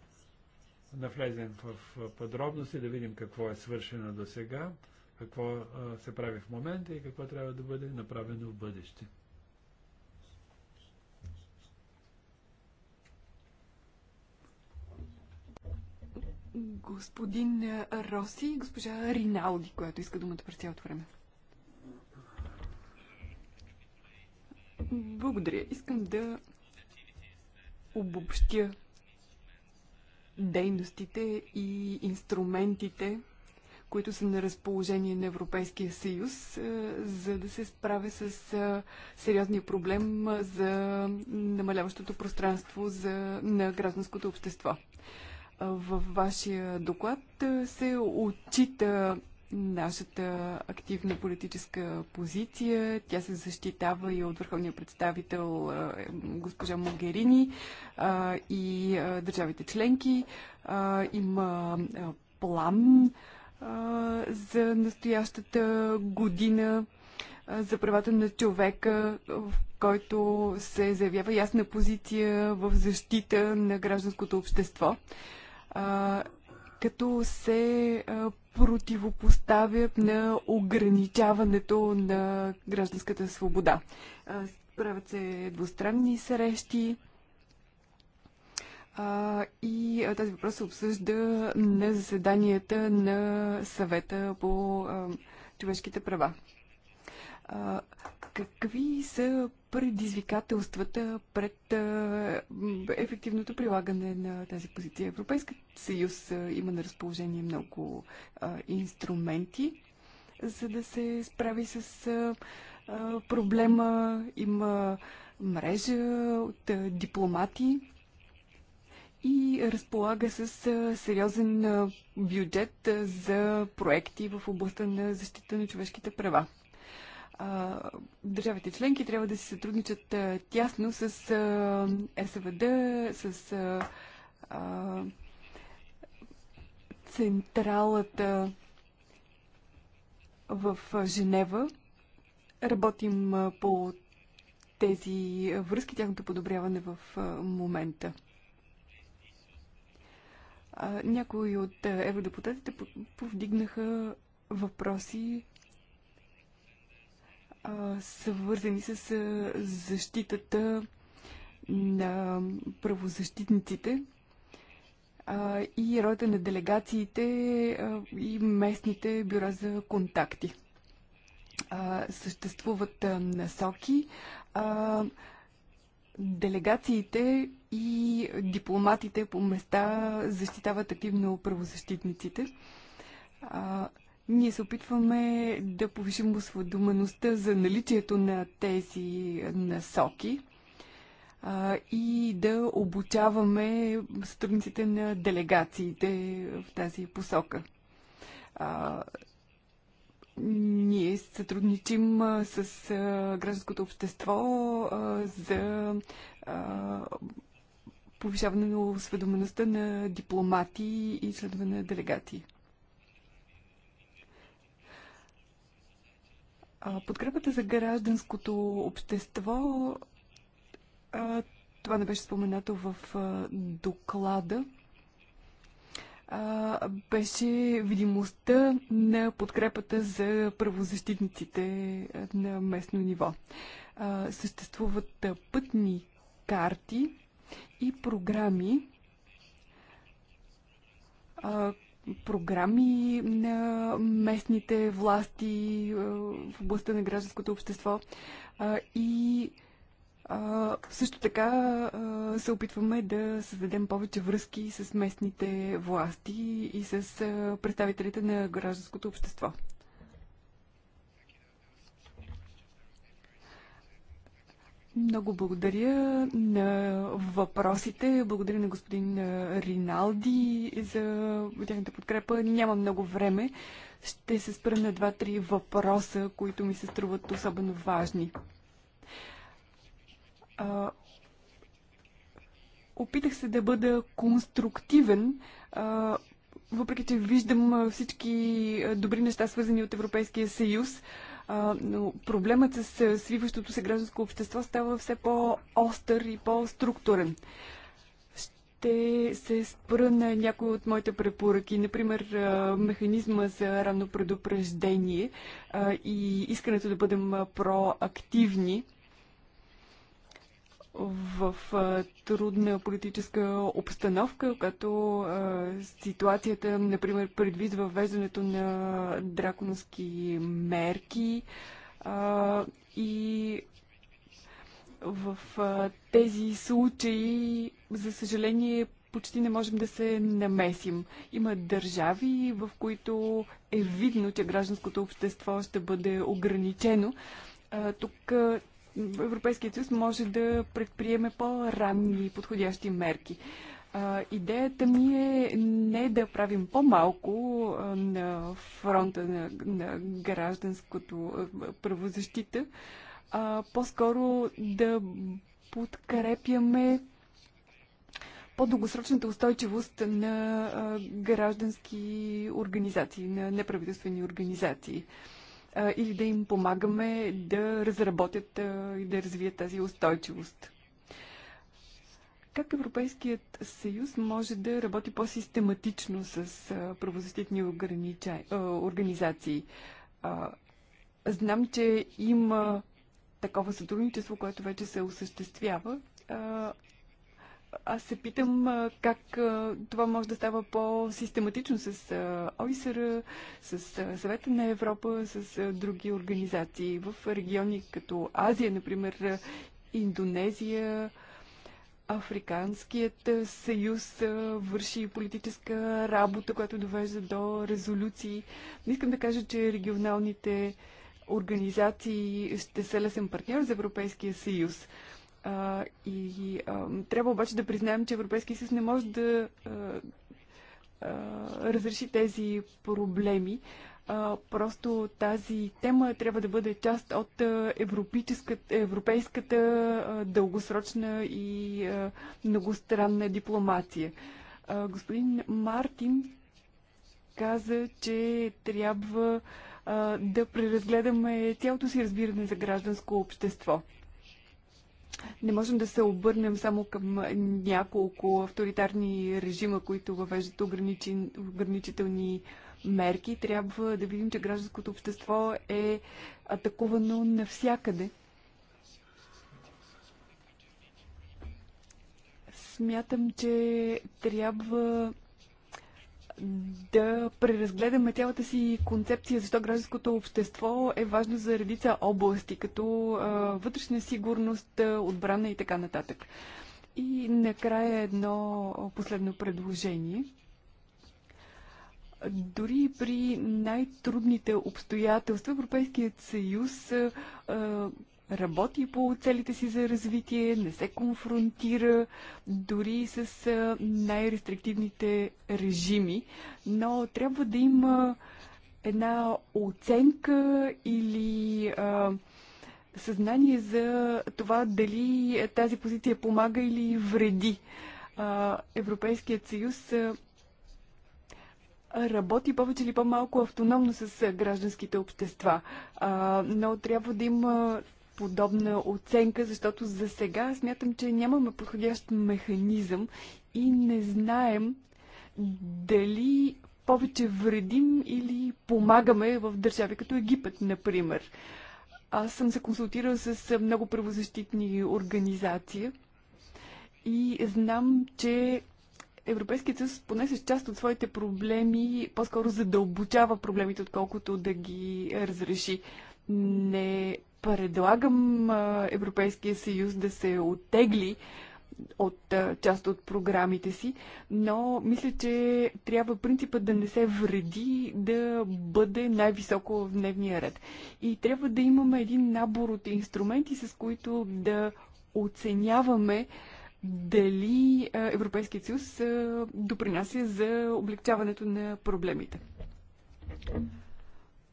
навлезем в подробности, да видим какво е свършено до сега, какво се прави в момента и какво трябва да бъде направено в бъдеще. господин е, Роси и госпожа Риналди, която иска думата през цялото време. Благодаря. Искам да обобщя дейностите и инструментите, които са на разположение на Европейския съюз, е, за да се справя с е, сериозния проблем за намаляващото пространство за, на гражданското общество. Във вашия доклад се отчита нашата активна политическа позиция. Тя се защитава и от върховния представител госпожа Могерини и държавите членки. Има план за настоящата година за правата на човека, в който се заявява ясна позиция в защита на гражданското общество а, като се а, противопоставя на ограничаването на гражданската свобода. А, правят се двустранни срещи а, и а, тази въпрос се обсъжда на заседанията на съвета по а, човешките права. Какви са предизвикателствата пред ефективното прилагане на тази позиция? Европейският съюз има на разположение много инструменти, за да се справи с проблема. Има мрежа от дипломати и разполага с сериозен бюджет за проекти в областта на защита на човешките права държавите членки трябва да си сътрудничат а, тясно с а, СВД, с а, а, централата в Женева. Работим а, по тези връзки, тяхното подобряване в а, момента. А, някои от евродепутатите повдигнаха въпроси вързани с защитата на правозащитниците и ролята на делегациите и местните бюра за контакти. Съществуват насоки. Делегациите и дипломатите по места защитават активно правозащитниците. Ние се опитваме да повишим осведомеността за наличието на тези насоки а, и да обучаваме сътрудниците на делегациите в тази посока. А, ние сътрудничим а, с а, гражданското общество а, за а, повишаване на осведомеността на дипломати и следване на делегации. подкрепата за гражданското общество, това не беше споменато в доклада, беше видимостта на подкрепата за правозащитниците на местно ниво. Съществуват пътни карти и програми, програми на местните власти е, в областта на гражданското общество и също така се опитваме да създадем повече връзки с местните власти и с представителите на гражданското общество. Много благодаря на въпросите. Благодаря на господин Риналди за тяхната подкрепа. Няма много време. Ще се спра на два-три въпроса, които ми се струват особено важни. А, опитах се да бъда конструктивен, а, въпреки че виждам всички добри неща, свързани от Европейския съюз. А, а, но проблемът с свиващото се гражданско общество става все по-остър и по-структурен. Ще се спра на някои от моите препоръки, например механизма за ранно предупреждение и искането да бъдем проактивни в трудна политическа обстановка, като ситуацията, например, предвид въвеждането на драконовски мерки и в тези случаи, за съжаление, почти не можем да се намесим. Има държави, в които е видно, че гражданското общество ще бъде ограничено. Тук Европейският съюз може да предприеме по-ранни подходящи мерки. идеята ми е не да правим по-малко на фронта на, на гражданското правозащита, а по-скоро да подкрепяме по-дългосрочната устойчивост на граждански организации, на неправителствени организации или да им помагаме да разработят и да развият тази устойчивост. Как Европейският съюз може да работи по-систематично с правозащитни организации? Знам, че има такова сътрудничество, което вече се осъществява аз се питам как това може да става по-систематично с ОИСР, с Съвета на Европа, с други организации в региони като Азия, например Индонезия, Африканският съюз върши политическа работа, която довежда до резолюции. Не искам да кажа, че регионалните организации ще са лесен партньор за Европейския съюз. А, и а, трябва обаче да признаем, че Европейския съюз не може да а, а, разреши тези проблеми. А, просто тази тема трябва да бъде част от европейската а, дългосрочна и а, многостранна дипломация. А, господин Мартин каза, че трябва а, да преразгледаме цялото си разбиране за гражданско общество не можем да се обърнем само към няколко авторитарни режима, които въвеждат ограничи, ограничителни мерки. Трябва да видим, че гражданското общество е атакувано навсякъде. Смятам, че трябва да преразгледаме цялата си концепция, защо гражданското общество е важно за редица области, като а, вътрешна сигурност, отбрана и така нататък. И накрая едно последно предложение. Дори при най-трудните обстоятелства Европейският съюз а, работи по целите си за развитие, не се конфронтира дори с най-рестриктивните режими, но трябва да има една оценка или а, съзнание за това дали тази позиция помага или вреди. А, Европейският съюз работи повече или по-малко автономно с гражданските общества, а, но трябва да има подобна оценка, защото за сега смятам, че нямаме подходящ механизъм и не знаем дали повече вредим или помагаме в държави като Египет, например. Аз съм се консултирал с много правозащитни организации и знам, че Европейският съюз поне с част от своите проблеми по-скоро задълбочава проблемите, отколкото да ги разреши. Не предлагам Европейския съюз да се оттегли от част от програмите си, но мисля, че трябва принципът да не се вреди да бъде най-високо в дневния ред. И трябва да имаме един набор от инструменти, с които да оценяваме дали Европейският съюз допринася за облегчаването на проблемите.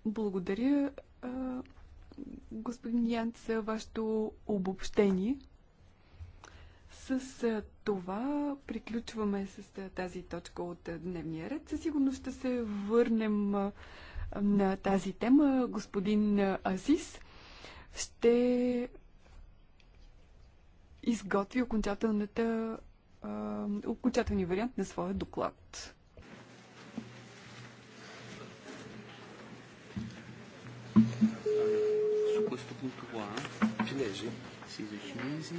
Благодаря господин Янц, вашето обобщение. С това приключваме с тази точка от дневния ред. Със сигурност ще се върнем на тази тема. Господин Азис ще изготви окончателната, окончателния вариант на своя доклад. qua, Sì, cinesi.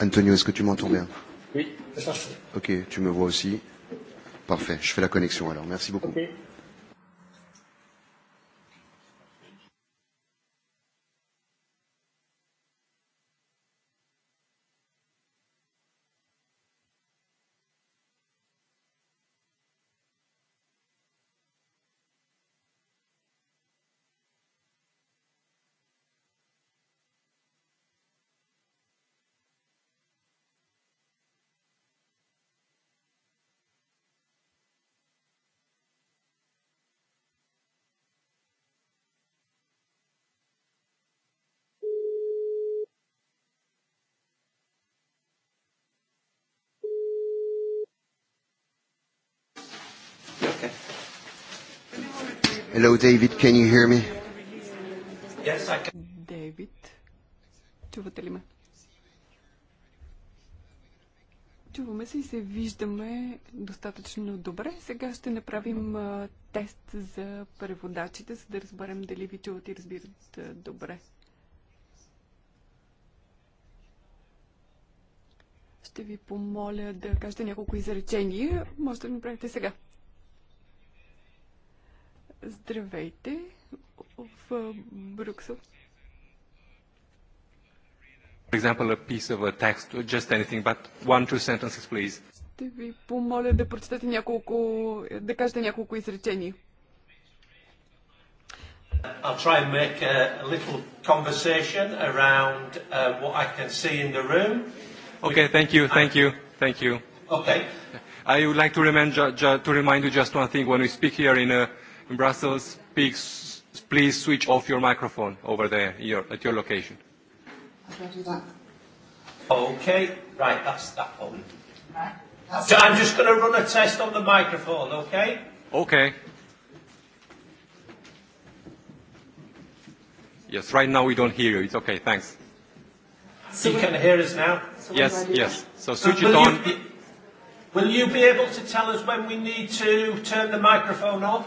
Antonio, est-ce que tu m'entends bien Oui, parfait. Ok, tu me vois aussi. Parfait, je fais la connexion alors. Merci beaucoup. Okay. David. Can you hear me? Yes, I can. David, чувате ли ме? Чуваме се и се виждаме достатъчно добре. Сега ще направим а, тест за преводачите, за да разберем дали ви чуват и разбират а, добре. Ще ви помоля да кажете няколко изречения. Може да ми направите сега. Здравейте в Брюксел. For example, a piece of a text, just anything, but one, two sentences, please. Ще ви помоля да прочетете няколко, да кажете няколко изречения. I'll try and make a, little conversation around uh, what I can see in the room. Okay, thank you, thank you, thank you. Okay. I would like to remind, ju- ju- to remind you just one thing. When we speak here in a in Brussels, please, please switch off your microphone over there your, at your location. Okay, right, that's that one. Right. So I'm just going to run a test on the microphone, okay? Okay. Yes, right now we don't hear you. It's okay, thanks. So you can hear us now? So yes, yes. So switch it on. You be, will you be able to tell us when we need to turn the microphone off?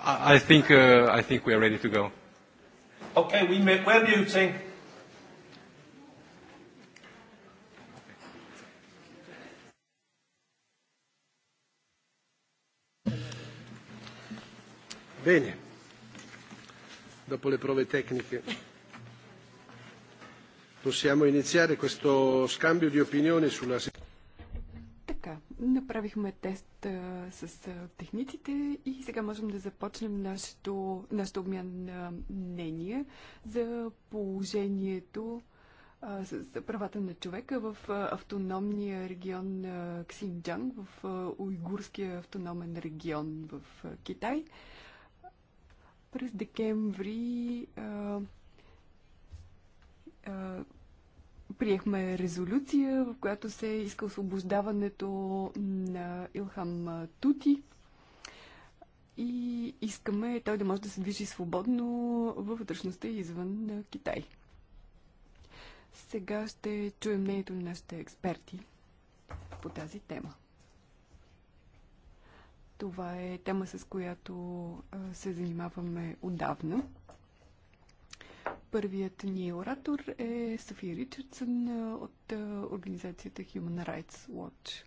I think, uh, I think we are ready to go. Okay, we, we're muting. Bene, dopo le prove tecniche possiamo iniziare questo scambio di opinioni sulla situazione. Направихме тест а, с а, техниците и сега можем да започнем нашето, нашето обмян на мнение за положението а, с, за правата на човека в а, автономния регион а, Ксинджанг, в а, уйгурския автономен регион в а, Китай. През декември а, а, Приехме резолюция, в която се иска освобождаването на Илхам Тути и искаме той да може да се движи свободно във вътрешността и извън на Китай. Сега ще чуем мнението на нашите експерти по тази тема. Това е тема, с която се занимаваме отдавна. Първият ни оратор е София Ричардсън от организацията Human Rights Watch.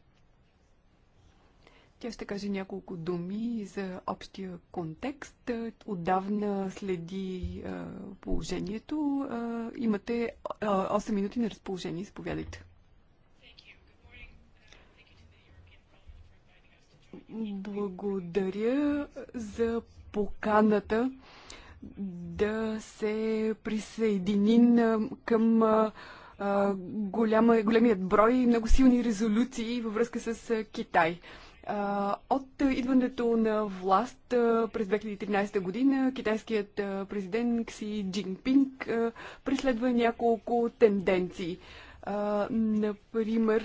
Тя ще каже няколко думи за общия контекст. Отдавна следи положението. Имате 8 минути на разположение. Изповядайте. Благодаря за поканата да се присъединим към голяма, големият брой много силни резолюции във връзка с Китай. От идването на власт през 2013 година китайският президент Кси Джинпинг преследва няколко тенденции например,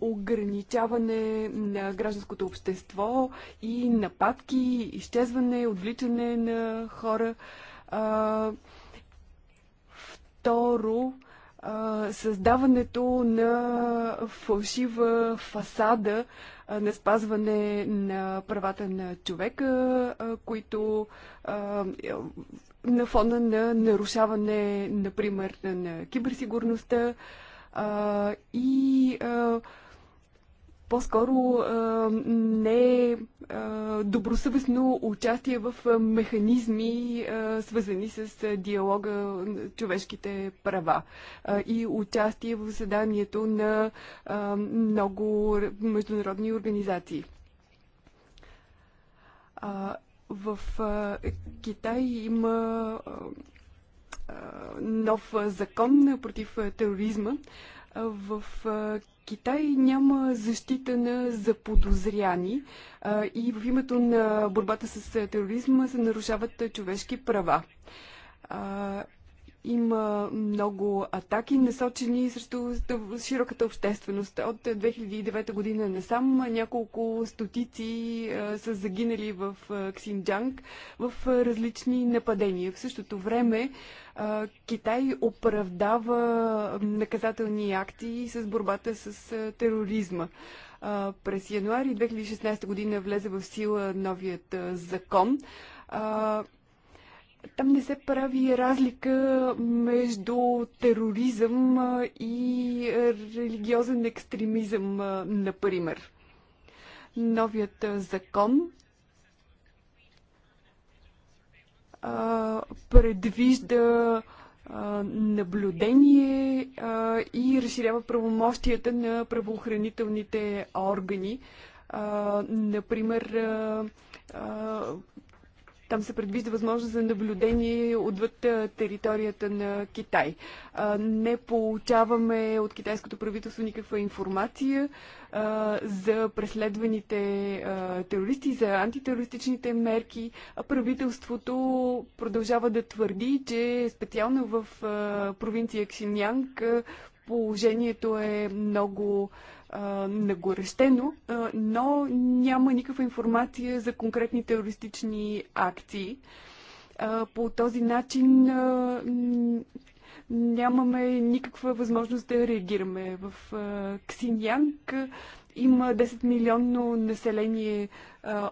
ограничаване на гражданското общество и нападки, изчезване, отвличане на хора. Второ, създаването на фалшива фасада на спазване на правата на човека, които на фона на нарушаване, например, на киберсигурността, а, и а, по-скоро не добросъвестно участие в механизми, свързани с диалога на човешките права и участие в заседанието на много международни организации. В Китай има нов закон против тероризма. В Китай няма защита на заподозряни и в името на борбата с тероризма се нарушават човешки права. Има много атаки, насочени срещу широката общественост. От 2009 година насам няколко стотици а, е, са загинали в а, е, Ксинджанг в а, е, различни нападения. В същото време а, Китай оправдава наказателни акти с борбата с а, тероризма. А, през януари 2016 година влезе в сила новият а, закон. А, там не се прави разлика между тероризъм и религиозен екстремизъм, например. Новият закон предвижда наблюдение и разширява правомощията на правоохранителните органи. Например, там се предвижда възможност за наблюдение отвъд територията на Китай. Не получаваме от китайското правителство никаква информация за преследваните терористи, за антитерористичните мерки. Правителството продължава да твърди, че специално в провинция Ксиньянг положението е много нагорещено, но няма никаква информация за конкретни терористични акции. По този начин нямаме никаква възможност да реагираме. В Ксиньянг има 10 милионно население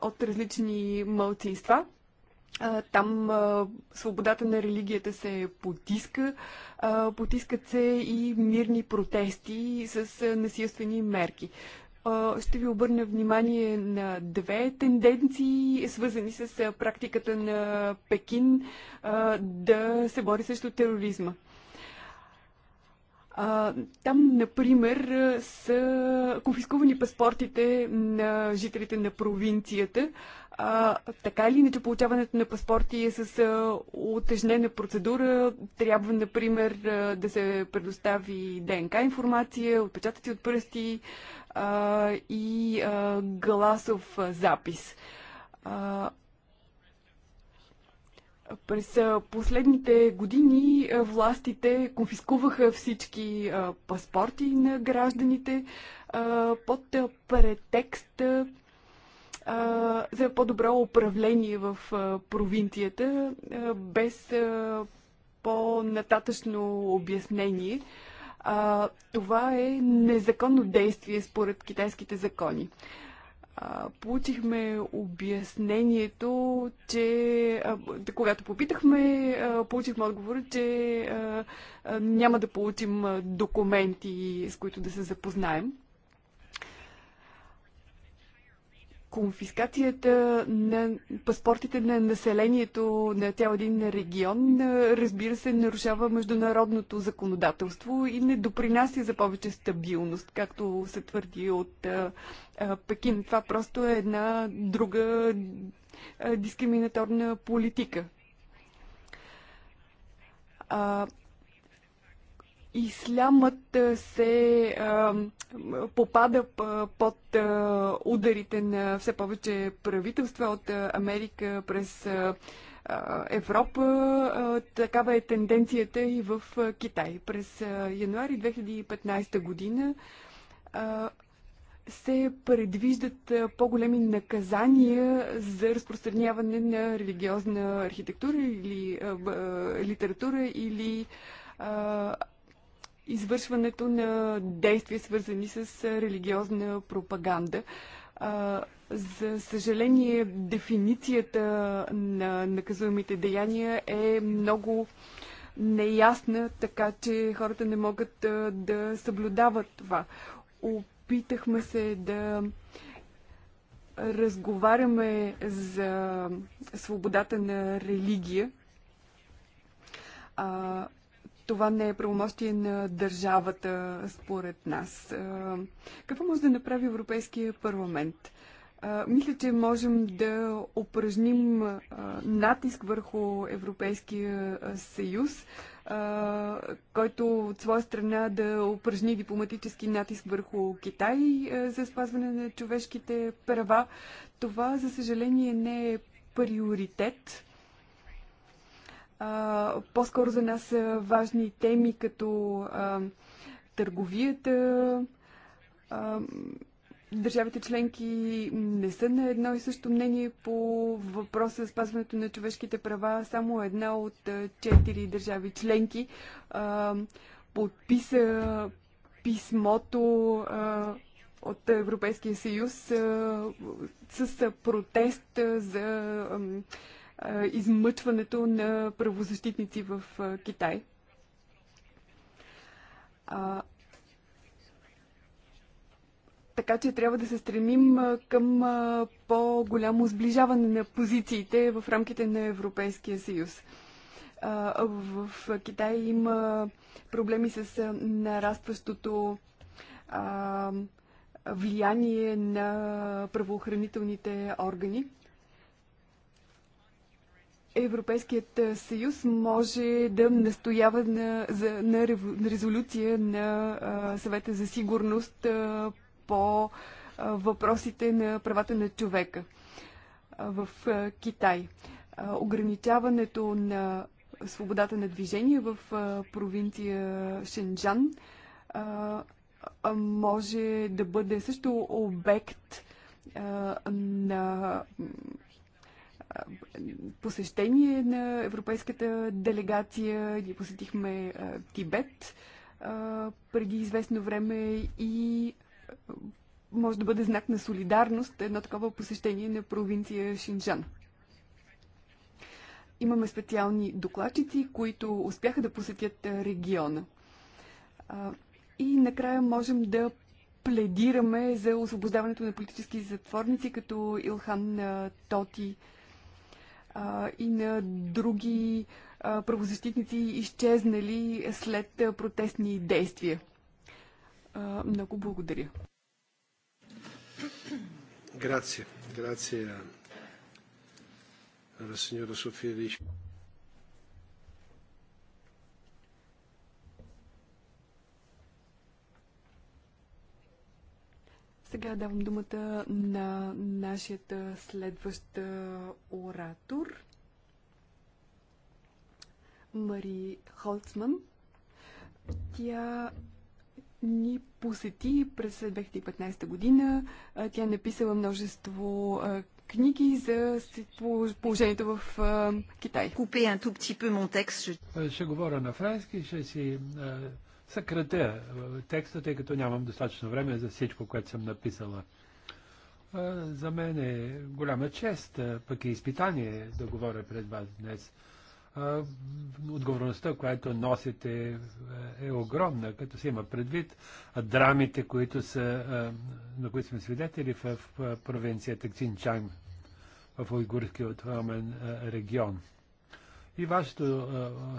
от различни мълцинства – а, там а, свободата на религията се потиска, а, потискат се и мирни протести с а, насилствени мерки. ще ви обърна внимание на две тенденции, свързани с практиката на Пекин да се бори срещу тероризма. там, например, са конфискувани паспортите на жителите на провинцията, а, така или иначе получаването на паспорти е с а, утежнена процедура. Трябва, например, а, да се предостави ДНК информация, отпечатъци от пръсти а, и а, гласов запис. А, през последните години властите конфискуваха всички паспорти на гражданите под претекст за по-добро управление в провинцията, без по-нататъчно обяснение. Това е незаконно действие според китайските закони получихме обяснението, че когато попитахме, получихме отговор, че няма да получим документи, с които да се запознаем. конфискацията на паспортите на населението на цял един регион, разбира се, нарушава международното законодателство и не допринася за повече стабилност, както се твърди от Пекин. Това просто е една друга дискриминаторна политика. А, Ислямът се а, попада под а, ударите на все повече правителства от Америка през а, Европа. А, такава е тенденцията и в Китай. През а, януари 2015 година а, се предвиждат по-големи наказания за разпространяване на религиозна архитектура или а, литература или а, извършването на действия, свързани с религиозна пропаганда. За съжаление, дефиницията на наказуемите деяния е много неясна, така че хората не могат да съблюдават това. Опитахме се да разговаряме за свободата на религия. Това не е правомощие на държавата, според нас. Какво може да направи Европейския парламент? Мисля, че можем да упражним натиск върху Европейския съюз, който от своя страна да упражни дипломатически натиск върху Китай за спазване на човешките права. Това, за съжаление, не е приоритет по-скоро за нас са важни теми като а, търговията. А, държавите членки не са на едно и също мнение по въпроса за спазването на човешките права. Само една от четири държави членки а, подписа писмото а, от Европейския съюз а, с протест за. А, измъчването на правозащитници в Китай. А, така че трябва да се стремим към по-голямо сближаване на позициите в рамките на Европейския съюз. А, в Китай има проблеми с нарастващото а, влияние на правоохранителните органи. Европейският е, съюз може да настоява на, за, на, на резолюция на а, съвета за сигурност а, по а, въпросите на правата на човека а, в а, Китай. А, ограничаването на свободата на движение в а, провинция Шенджан а, може да бъде също обект а, на посещение на европейската делегация. Ние посетихме Тибет преди известно време и може да бъде знак на солидарност едно такова посещение на провинция Шинджан. Имаме специални докладчици, които успяха да посетят региона. И накрая можем да пледираме за освобождаването на политически затворници, като Илхан Тоти, а, и на други а, правозащитници, изчезнали след протестни действия. А, много благодаря. Grazie, grazie alla signora Sofia Ricci. Сега давам думата на нашият следващ оратор Мари Холцман. Тя ни посети през 2015 година. Тя е написала множество книги за положението в Китай. Купе Ще говоря на френски, ще си съкратя текста, тъй като нямам достатъчно време за всичко, което съм написала. За мен е голяма чест, пък и изпитание да говоря пред вас днес. Отговорността, която носите, е, е огромна, като се има предвид драмите, които са, на които сме свидетели в провинцията Цинчан, в уйгурския отвамен регион. И вашето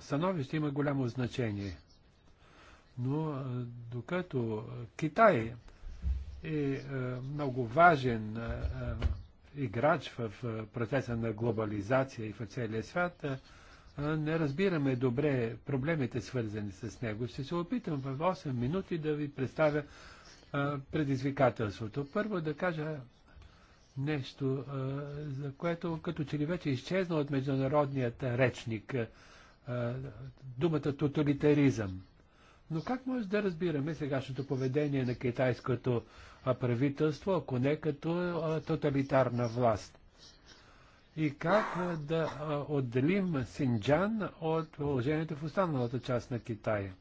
становище има голямо значение – но докато Китай е много важен играч в процеса на глобализация и в целия свят, не разбираме добре проблемите свързани с него. Ще се опитам в 8 минути да ви представя предизвикателството. Първо да кажа нещо, за което като че ли вече е изчезна от международният речник думата тоталитаризъм. Но как може да разбираме сегашното поведение на китайското правителство, ако не като тоталитарна власт? И как да отделим Синджан от положението в останалата част на Китай?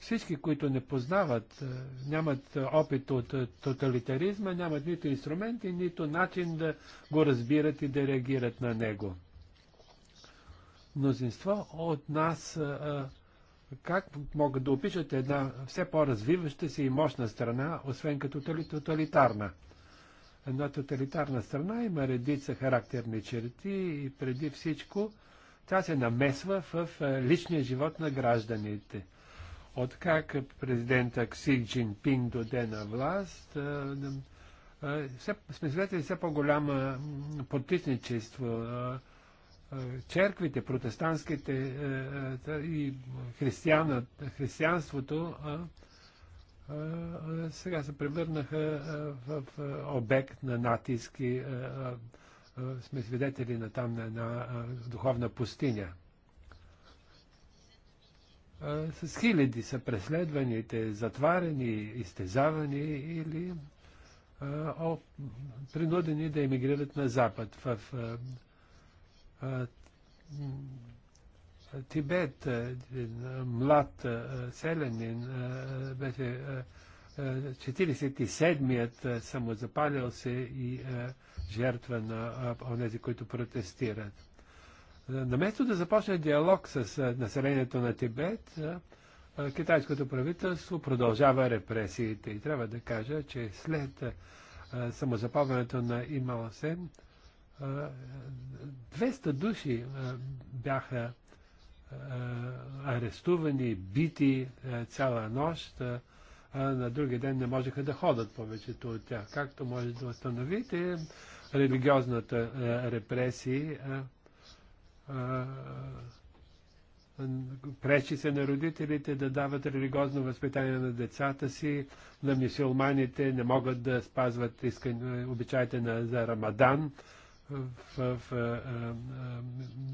Всички, които не познават, нямат опит от тоталитаризма, нямат нито инструменти, нито начин да го разбират и да реагират на него. Мнозинство от нас а, как могат да опишат една все по-развиваща се и мощна страна, освен като тоталитарна? Една тоталитарна страна има редица характерни черти и преди всичко тя се намесва в е, личния живот на гражданите. От как президента Кси Джинпин доде на власт, е, е, все, сме свидетели все по-голяма потисничество, черквите, протестантските е, е, и християнството е, сега се превърнаха в обект на натиски. Сме свидетели на там на една духовна пустиня. С хиляди са преследваните, затварени, изтезавани или принудени да емигрират на Запад. В Тибет, един млад селенин, беше 47-ият самозапалил се и жертва на онези, които протестират. Наместо да започне диалог с населението на Тибет, китайското правителство продължава репресиите. И трябва да кажа, че след самозапалването на Имал Сен, 200 души бяха арестувани, бити цяла нощ. На други ден не можеха да ходят повечето от тях. Както може да установите, религиозната репресия пречи се на родителите да дават религиозно възпитание на децата си, на мисюлманите не могат да спазват искани, обичаите на, за Рамадан в, в, в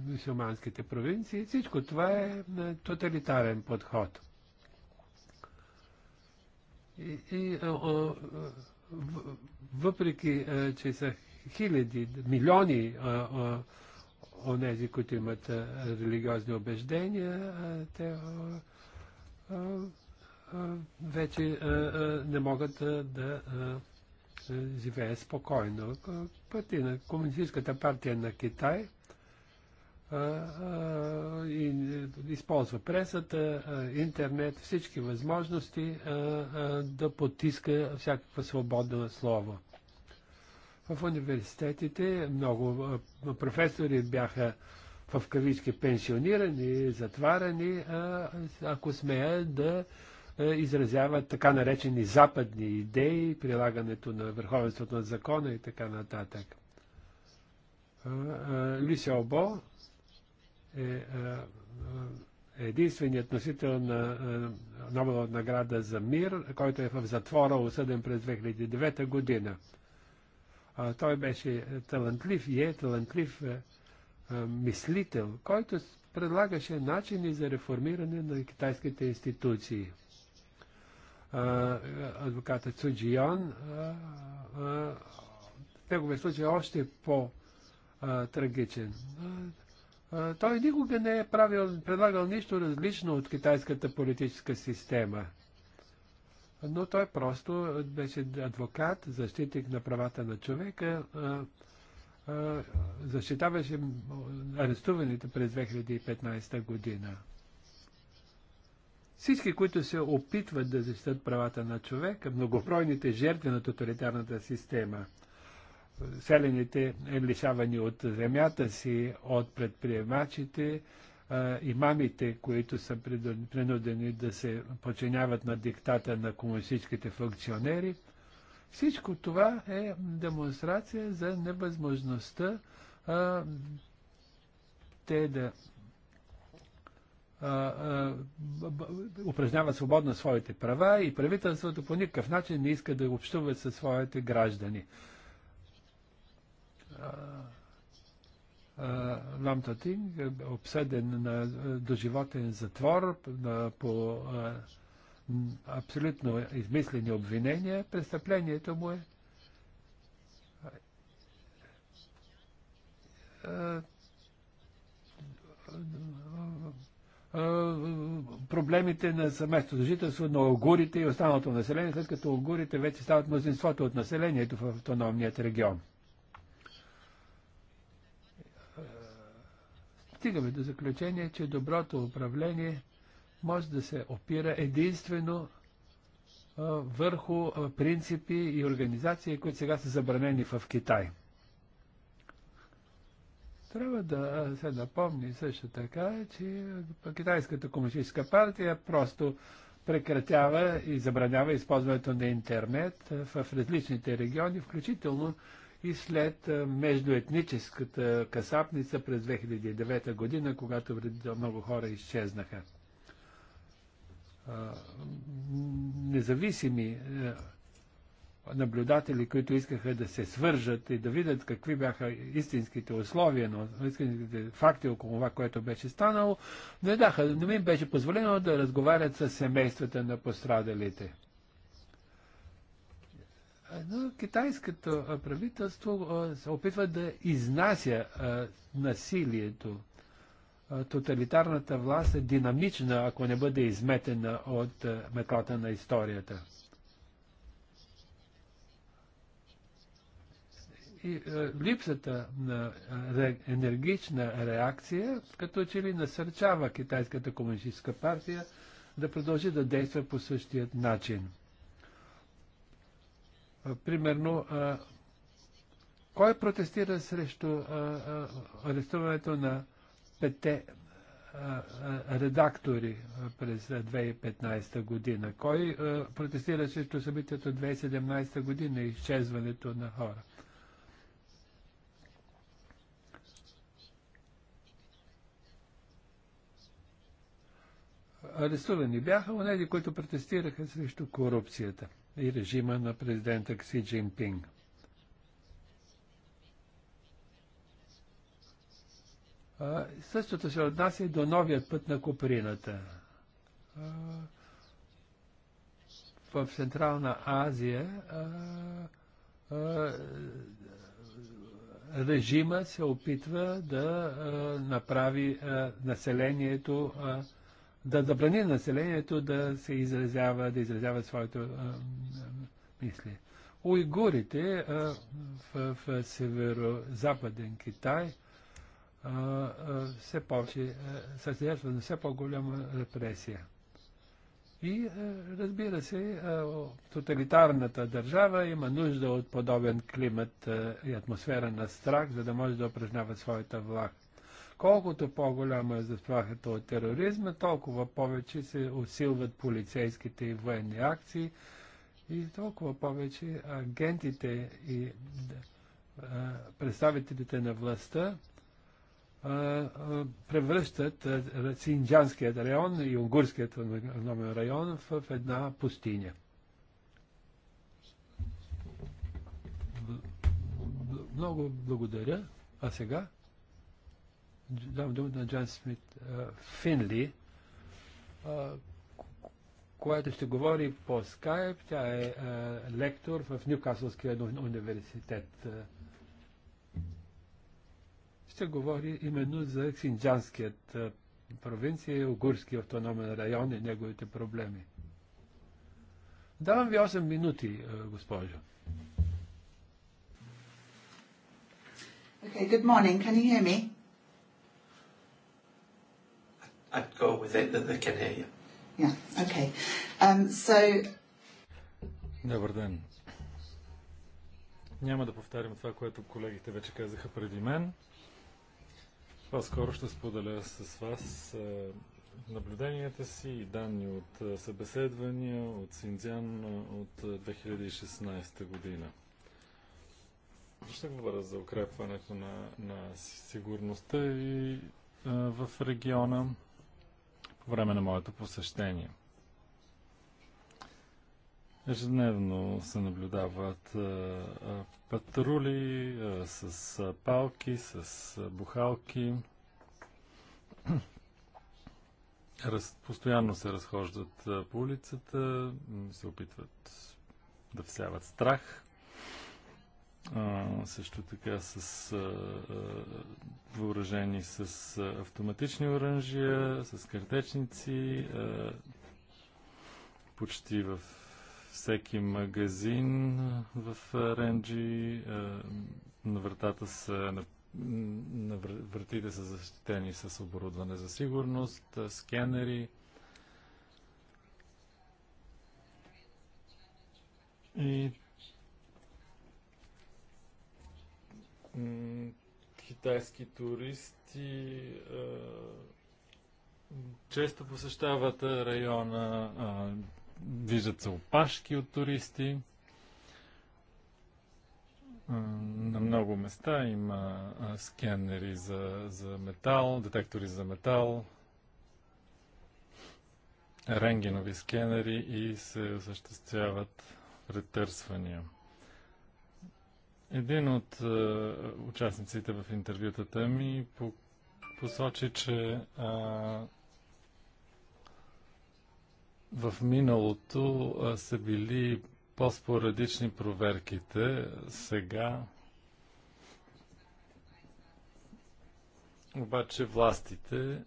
мусулманските провинции. Всичко това е тоталитарен подход. И, и въпреки, че са хиляди, милиони онези, които имат религиозни убеждения, те вече не могат да Живее спокойно. Пъти на Комунистическата партия на Китай и, е, използва пресата, интернет, всички възможности да потиска всякаква свободна слово. В университетите много професори бяха в кавички пенсионирани, затварени, ако смея да е, изразяват така наречени западни идеи, прилагането на върховенството на закона и така нататък. Люся Обо е, е, е единственият носител на Нобелова награда за мир, който е в затвора, осъден през 2009 година. Той беше талантлив и е талантлив мислител, който предлагаше начини за реформиране на китайските институции адвоката Цуджион, неговия случай е още по-трагичен. Той никога не е правил, предлагал нищо различно от китайската политическа система. Но той просто беше адвокат, защитник на правата на човека, защитаваше арестуваните през 2015 година. Всички, които се опитват да защитат правата на човека, многобройните жертви на тоталитарната система, селените е лишавани от земята си, от предприемачите, имамите, които са принудени да се подчиняват на диктата на комунистическите функционери, всичко това е демонстрация за невъзможността а, те да упражняват свободно своите права и правителството по никакъв начин не иска да общува със своите граждани. Ламтатинг е обсъден на доживотен затвор на, по а, абсолютно измислени обвинения. Престъплението му е проблемите на съместното жителство на огурите и останалото население, след като огурите вече стават мнозинството от населението в автономният регион. Стигаме до заключение, че доброто управление може да се опира единствено върху принципи и организации, които сега са забранени в Китай. Трябва да се напомни също така, че Китайската комунистическа партия просто прекратява и забранява използването на интернет в различните региони, включително и след междуетническата касапница през 2009 година, когато много хора изчезнаха. Независими наблюдатели, които искаха да се свържат и да видят какви бяха истинските условия, но истинските факти около това, което беше станало, не, даха, не ми беше позволено да разговарят с семействата на пострадалите. Но китайското правителство се опитва да изнася насилието. Тоталитарната власт е динамична, ако не бъде изметена от метлата на историята. и е, липсата на е, енергична реакция, като че ли насърчава Китайската комунистическа партия да продължи да действа по същия начин. Примерно, кой протестира срещу арестуването на пете редактори през 2015 година? Кой протестира срещу събитието 2017 година и изчезването на хора? арестувани бяха онези, които протестираха срещу корупцията и режима на президента Кси Джинпинг. същото се отнася и до новият път на Куприната. в Централна Азия режима се опитва да направи населението да забрани населението да се изразява, да изразява своето а, мисли. Уйгурите а, в, в северо-западен Китай а, а, все повече са на все по-голяма репресия. И а, разбира се, а, тоталитарната държава има нужда от подобен климат а, и атмосфера на страх, за да може да упражнява своята влак, Колкото по-голяма е заплахата от тероризма, толкова повече се усилват полицейските и военни акции и толкова повече агентите и а, представителите на властта а, а, превръщат Синджанският район и Унгурският район в, в една пустиня. Много благодаря. А сега? дам думата на Джан Смит Финли, която ще говори по Skype. Тя е лектор в Нюкасълския университет. Ще говори именно за Синджанският провинция и Огурски автономен район и неговите проблеми. Давам ви 8 минути, госпожо. Okay, good morning. Can you hear me? I'd go with it that they can hear you. Yeah, okay. Um, so... Добър ден. Няма да повтарям това, което колегите вече казаха преди мен. По-скоро ще споделя с вас наблюденията си и данни от събеседвания от Синдзян от 2016 година. Ще говоря за укрепването на, на сигурността и а, в региона време на моето посещение. Ежедневно се наблюдават патрули с палки, с бухалки. постоянно се разхождат по улицата, се опитват да всяват страх също така с а, въоръжени с автоматични оръжия, с картечници, а, почти във всеки магазин в Ренджи. На вратата са на, на вратите са защитени с оборудване за сигурност, скенери. И китайски туристи а, често посещават района, а, виждат се опашки от туристи. А, на много места има скенери за, за метал, детектори за метал, рентгенови скенери и се осъществяват претърсвания. Един от е, участниците в интервютата ми по посочи, че е, в миналото е, са били по-спорадични проверките. Сега обаче властите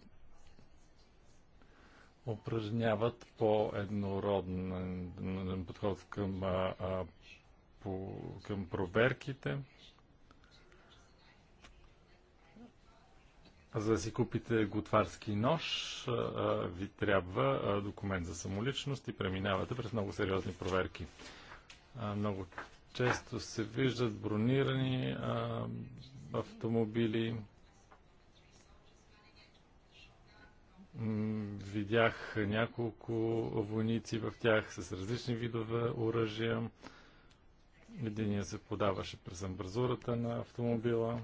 упражняват по-еднороден подход към а, а, по, към проверките. За да си купите готварски нож, ви трябва документ за самоличност и преминавате през много сериозни проверки. Много често се виждат бронирани автомобили. Видях няколко войници в тях с различни видове оръжия. Единият се подаваше през амбразурата на автомобила,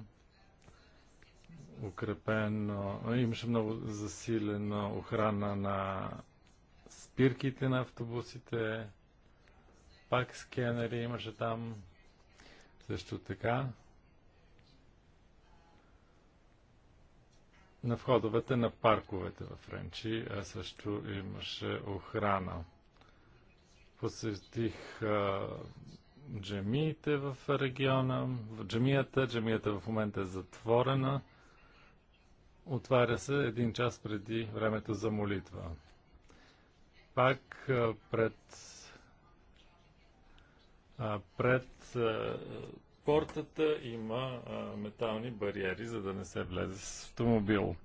укрепено, имаше много засилена охрана на спирките на автобусите, пак скенери имаше там, също така. На входовете на парковете в Ренчи също имаше охрана. Посетих джамиите в региона, в джамията. Джамията в момента е затворена. Отваря се един час преди времето за молитва. Пак пред, пред портата има метални бариери, за да не се влезе с автомобил.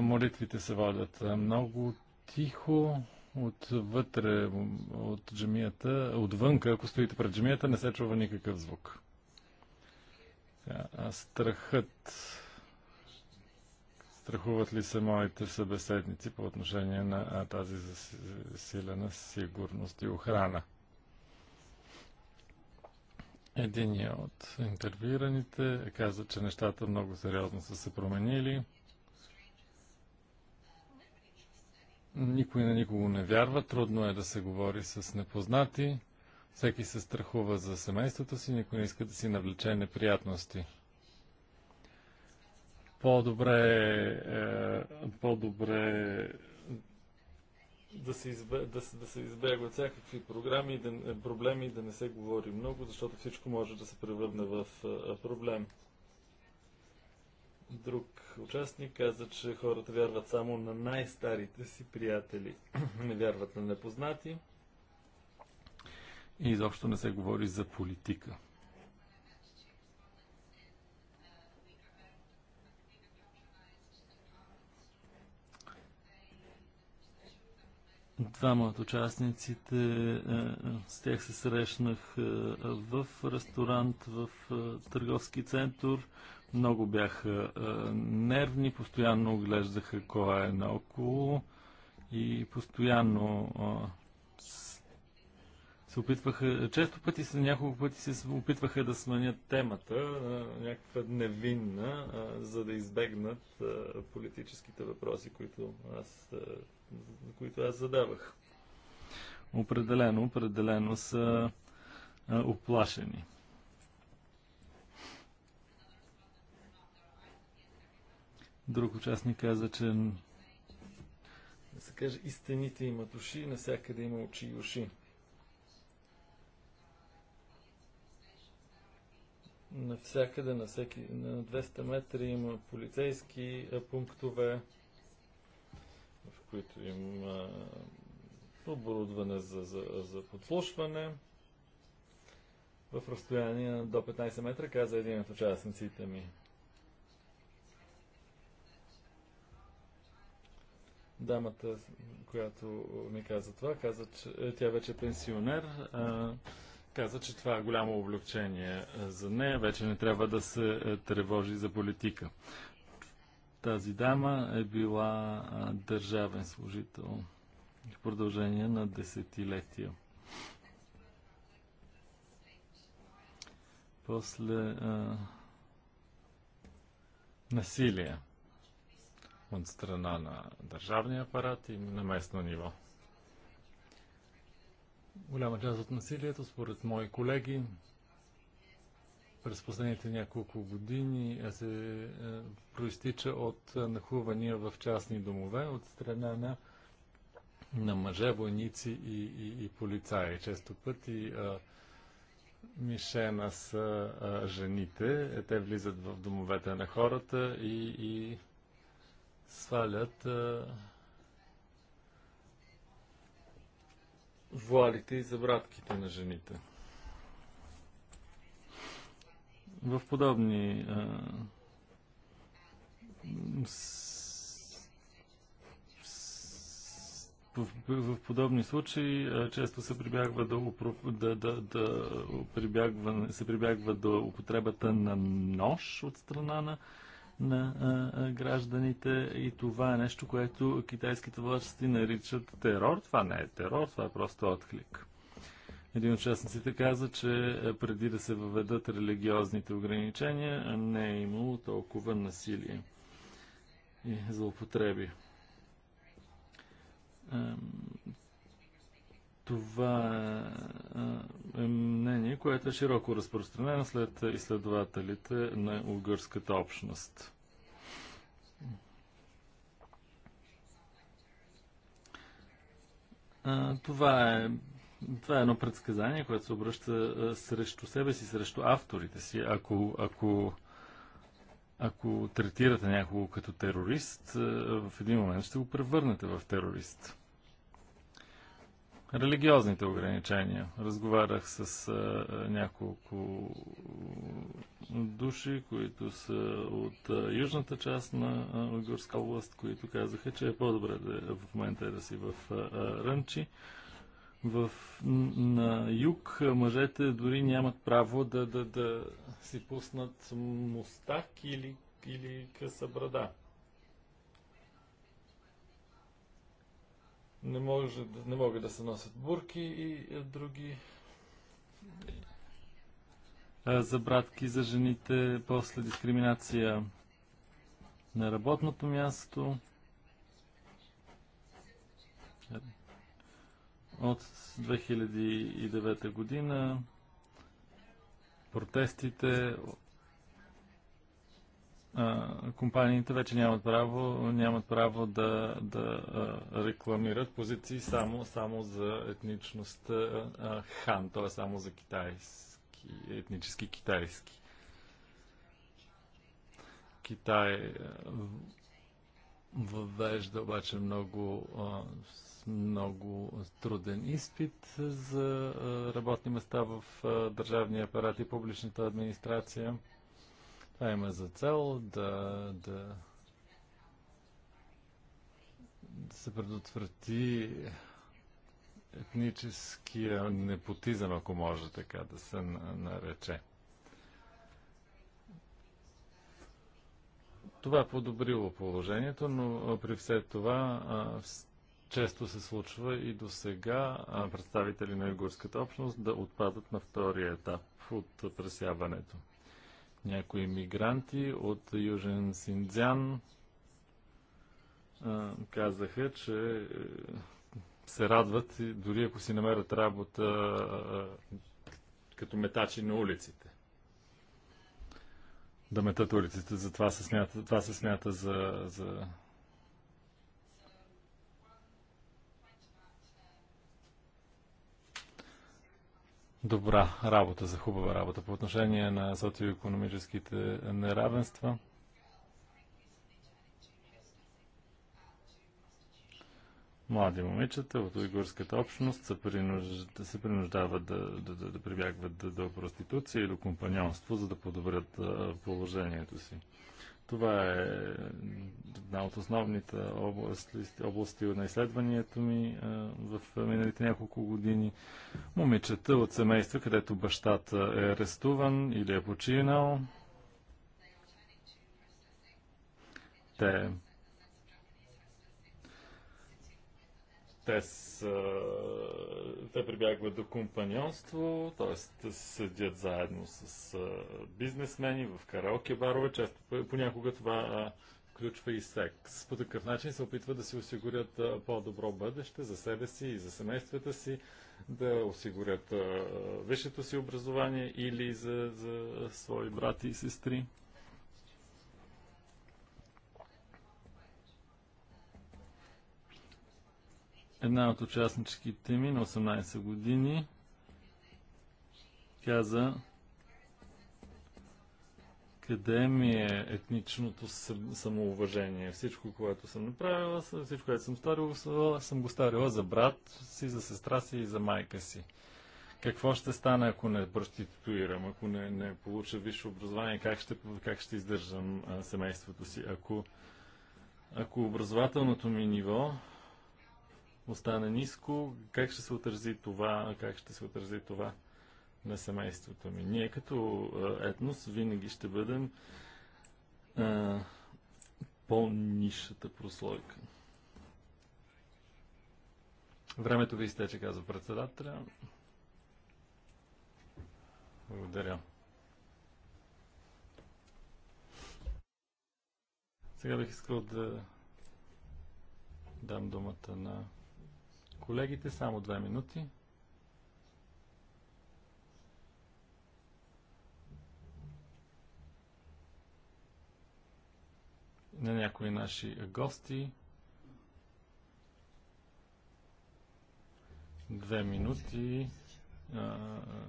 Молитвите се водят много тихо отвътре от джамията, отвънка, ако стоите пред джамията, не се чува никакъв звук. А страхът. Страхуват ли се моите събеседници по отношение на тази засилена сигурност и охрана? Единият от интервюираните каза, че нещата много сериозно са се променили. Никой на никого не вярва, трудно е да се говори с непознати, всеки се страхува за семейството си, никой не иска да си навлече неприятности. По-добре, е, по-добре да се, избе, да, да се избягват всякакви програми, да, проблеми, да не се говори много, защото всичко може да се превърне в е, проблем. Друг участник каза, че хората вярват само на най-старите си приятели. не вярват на непознати. И изобщо не се говори за политика. Двама от участниците, е, с тях се срещнах е, в ресторант, в е, търговски център. Много бяха нервни, постоянно оглеждаха кой е наоколо и постоянно се опитваха, често пъти се, няколко пъти се опитваха да сменят темата, някаква невинна, за да избегнат политическите въпроси, които аз, които аз задавах. Определено, определено са оплашени. Друг участник каза, че да се каже и стените имат уши, навсякъде има очи и уши. Навсякъде, на, всеки, на 200 метри има полицейски пунктове, в които има оборудване за, за, за подслушване в разстояние до 15 метра, каза един от участниците ми. Дамата, която ми каза това, каза, че е, тя вече е пенсионер. А, каза, че това е голямо облегчение е, за нея. Вече не трябва да се е, тревожи за политика. Тази дама е била държавен служител в продължение на десетилетия. После а, насилие от страна на държавния апарат и на местно ниво. Голяма част от насилието, според мои колеги, през последните няколко години е се е, проистича от е, нахлувания в частни домове от страна на, на мъже, войници и, и, и полицаи. Често пъти а, мишена са а, жените. Те влизат в домовете на хората и, и свалят а, вуалите и забратките на жените. В подобни а, в, в подобни случаи а, често се прибягва до, да, да, да, прибягва, се прибягва до употребата на нож от страна на на а, гражданите и това е нещо, което китайските власти наричат терор. Това не е терор, това е просто отклик. Един от участниците каза, че преди да се въведат религиозните ограничения, не е имало толкова насилие и злоупотреби това е мнение, което е широко разпространено след изследователите на угърската общност. Това е, това е едно предсказание, което се обръща срещу себе си, срещу авторите си. Ако, ако, ако третирате някого като терорист, в един момент ще го превърнете в терорист. Религиозните ограничения. Разговарях с а, няколко души, които са от а, южната част на Уйгурска област, които казаха, че е по-добре да, в момента е да си в а, Рънчи. В, на юг мъжете дори нямат право да, да, да си пуснат мустак или, или къса брада. не, може, не могат да се носят бурки и други за братки, за жените, после дискриминация на работното място, от 2009 година, протестите компаниите вече нямат право, нямат право да, да рекламират позиции само, само за етничност хан, т.е. само за китайски, етнически китайски. Китай въвежда обаче много, много труден изпит за работни места в държавния апарат и публичната администрация. Това има за цел да, да, да се предотврати етническия непотизъм, ако може така да се нарече. Това е подобрило положението, но при все това често се случва и до сега представители на югурската общност да отпадат на втория етап от пресяването някои мигранти от Южен Синдзян казаха, че е, се радват, дори ако си намерят работа като метачи на улиците. Да метат улиците, за това се смята, това се смята за, за добра работа, за хубава работа по отношение на социоекономическите неравенства. Млади момичета от уйгурската общност се, принуж... се принуждават да, да, да, да прибягват до, до проституция и до компаньонство, за да подобрят положението си. Това е една от основните области, области на изследванията ми в миналите няколко години. Момичета от семейства, където бащата е арестуван или е починал. Те те, са, те прибягват до компаньонство, т.е. седят заедно с бизнесмени в караоке барове. Често понякога това включва и секс. По такъв начин се опитват да си осигурят по-добро бъдеще за себе си и за семействата си, да осигурят висшето си образование или за, за свои брати и сестри. Една от участничките ми на 18 години каза къде ми е етничното самоуважение. Всичко, което съм направила, всичко, което съм старила, съм го старила за брат си, за сестра си и за майка си. Какво ще стане, ако не проституирам, ако не, не получа висше образование, как ще, как ще издържам а, семейството си? Ако, ако образователното ми ниво остане ниско, как ще се отрази това, как ще се отрази това на семейството ми. Ние като етнос винаги ще бъдем а, по-нишата прослойка. Времето ви изтече, казва председателя. Благодаря. Сега бих искал да дам думата на колегите. Само две минути. На някои наши гости. Две минути.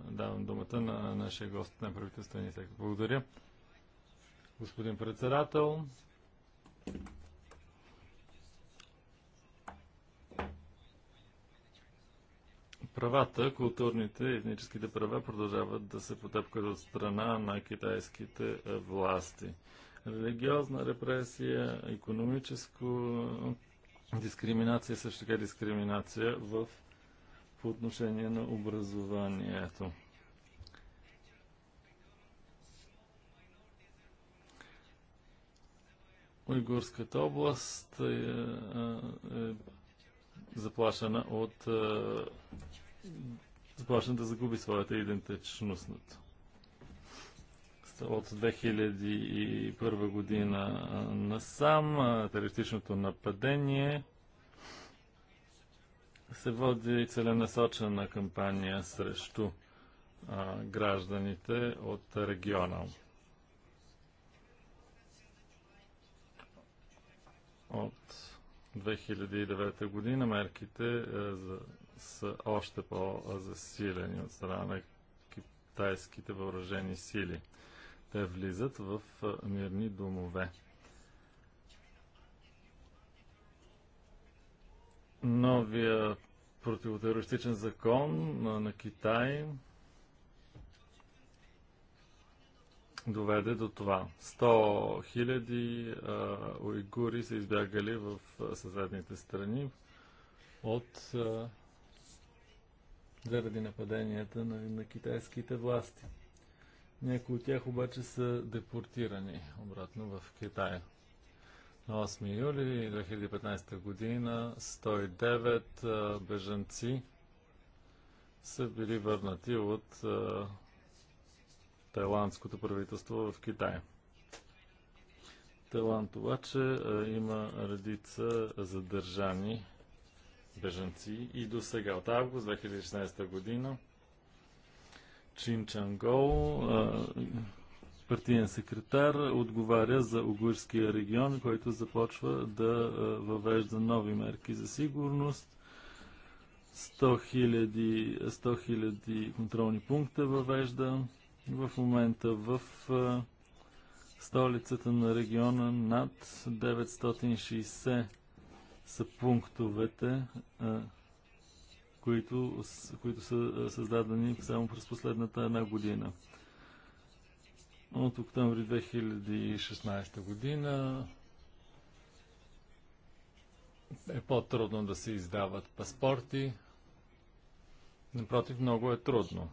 Давам думата на нашия гост на правителствения сектор. Благодаря. Господин председател, правата, културните и етническите права продължават да се потъпкат от страна на китайските е, власти. Религиозна репресия, економическо дискриминация, също така дискриминация в, по отношение на образованието. Уйгурската област е, е, е заплашена от е, започна да загуби своята идентичност. От 2001 година насам терористичното нападение се води целенасочена кампания срещу а, гражданите от региона. От 2009 година мерките а, за са още по-засилени от страна на китайските въоръжени сили. Те влизат в мирни домове. Новия противотерористичен закон на, Китай доведе до това. 100 хиляди уйгури са избягали в съседните страни от а, заради нападенията на, на китайските власти. Някои от тях обаче са депортирани обратно в Китай. На 8 юли 2015 година 109 бежанци са били върнати от тайландското правителство в Китай. Тайланд обаче има редица задържани бежанци и до сега, от август 2016 година, Чин Чангол, партиен секретар, отговаря за Огурския регион, който започва да въвежда нови мерки за сигурност. 100 000, контролни пункта въвежда. В момента в столицата на региона над 960 са пунктовете, които, които са създадени само през последната една година. От октомври 2016 година е по-трудно да се издават паспорти. Напротив, много е трудно.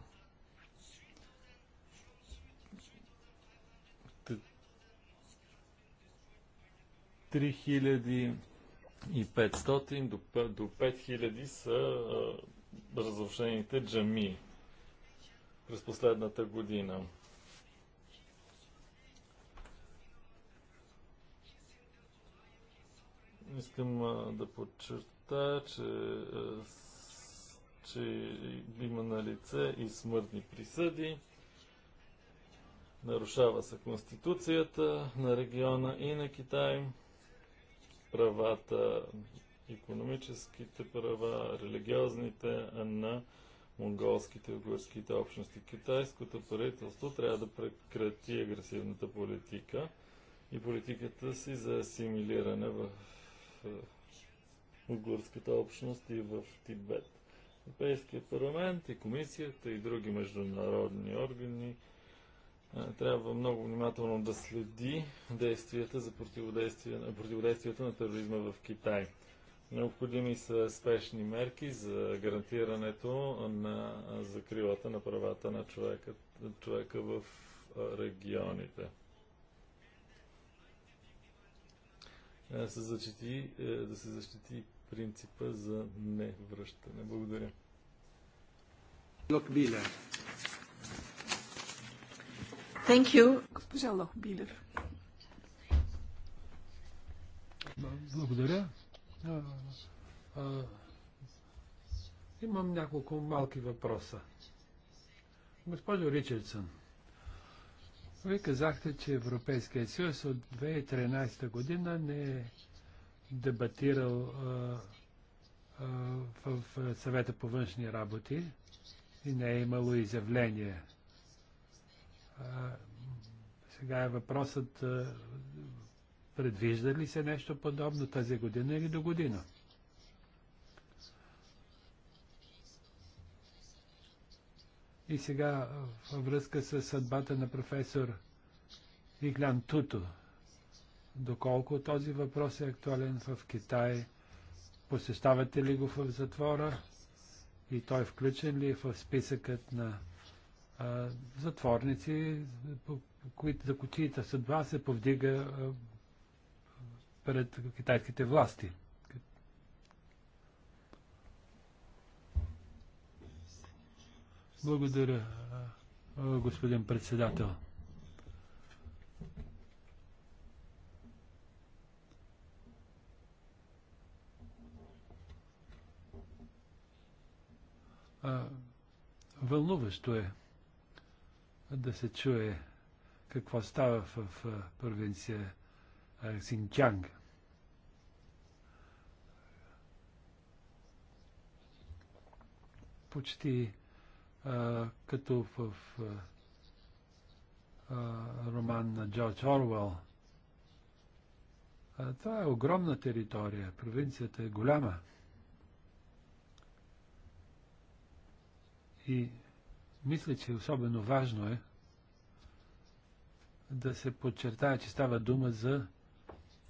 Три хиляди 000 и 500 до, до 5000 са а, разрушените джами през последната година. Искам а, да подчертая, че, че има на лице и смъртни присъди. Нарушава се Конституцията на региона и на Китай правата, економическите права, религиозните на монголските и угорските общности. Китайското правителство трябва да прекрати агресивната политика и политиката си за асимилиране в, в, угорската общност и в Тибет. Европейския парламент и комисията и други международни органи – е, трябва много внимателно да следи действията за противодействие, противодействието на тероризма в Китай. Необходими са спешни мерки за гарантирането на закрилата на правата на човека, човека в регионите. Е, да се, защити, е, да се защити принципа за невръщане. Благодаря. Thank you. Госпожа Благодаря. имам няколко малки въпроса. Госпожо Ричардсън, вие казахте, че Европейския съюз от 2013 година не е дебатирал в съвета по външни работи и не е имало изявление сега е въпросът, предвижда ли се нещо подобно тази година или до година? И сега във връзка с съдбата на професор Иглян Туто, доколко този въпрос е актуален в Китай, посещавате ли го в затвора и той е включен ли в списъкът на затворници, които за кутиите съдба се повдига пред китайските власти. Благодаря, господин председател. Вълнуващо е да се чуе какво става в, провинция Синкянг. Почти а, като в а, роман на Джордж Орвел. това е огромна територия. Провинцията е голяма. И мисля, че особено важно е да се подчертая, че става дума за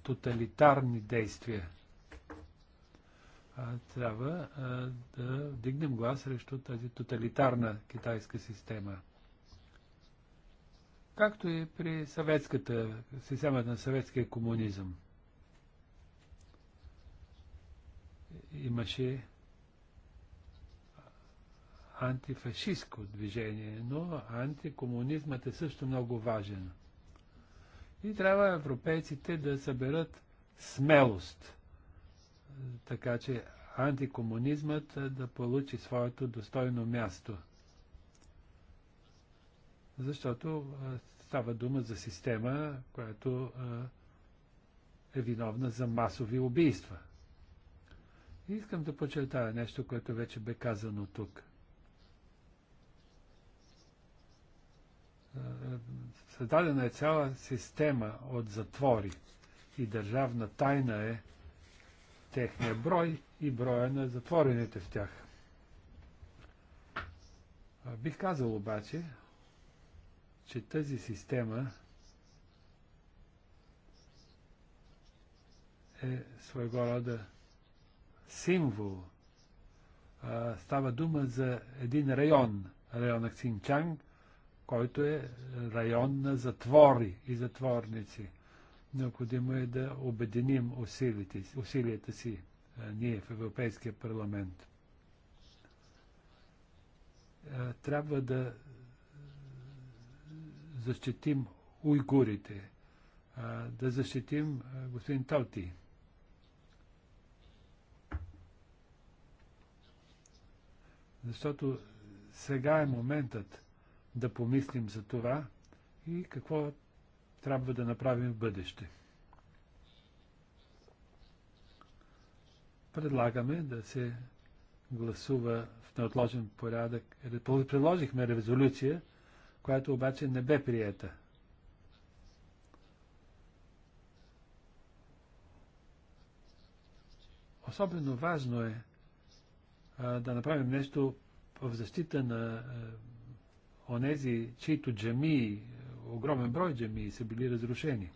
тоталитарни действия. А, трябва а, да дигнем глас срещу тази тоталитарна китайска система. Както и при съветската, системата на съветския комунизъм. Имаше антифашистско движение, но антикомунизмът е също много важен. И трябва европейците да съберат смелост, така че антикомунизмът да получи своето достойно място. Защото става дума за система, която е виновна за масови убийства. Искам да подчертая нещо, което вече бе казано тук. Е, е, създадена е цяла система от затвори и държавна тайна е техния брой и броя на затворените в тях. Бих казал обаче, че тази система е своего рода символ. става дума за един район, районът Синчанг, който е район на затвори и затворници. Необходимо е да обединим усилите, усилията си е, ние в Европейския парламент. Е, трябва да защитим уйгурите, е, да защитим господин Талти. Защото сега е моментът да помислим за това и какво трябва да направим в бъдеще. Предлагаме да се гласува в неотложен порядък. Е, предложихме резолюция, която обаче не бе приета. Особено важно е а, да направим нещо в защита на а, онези, чието джами, огромен брой джами са били разрушени.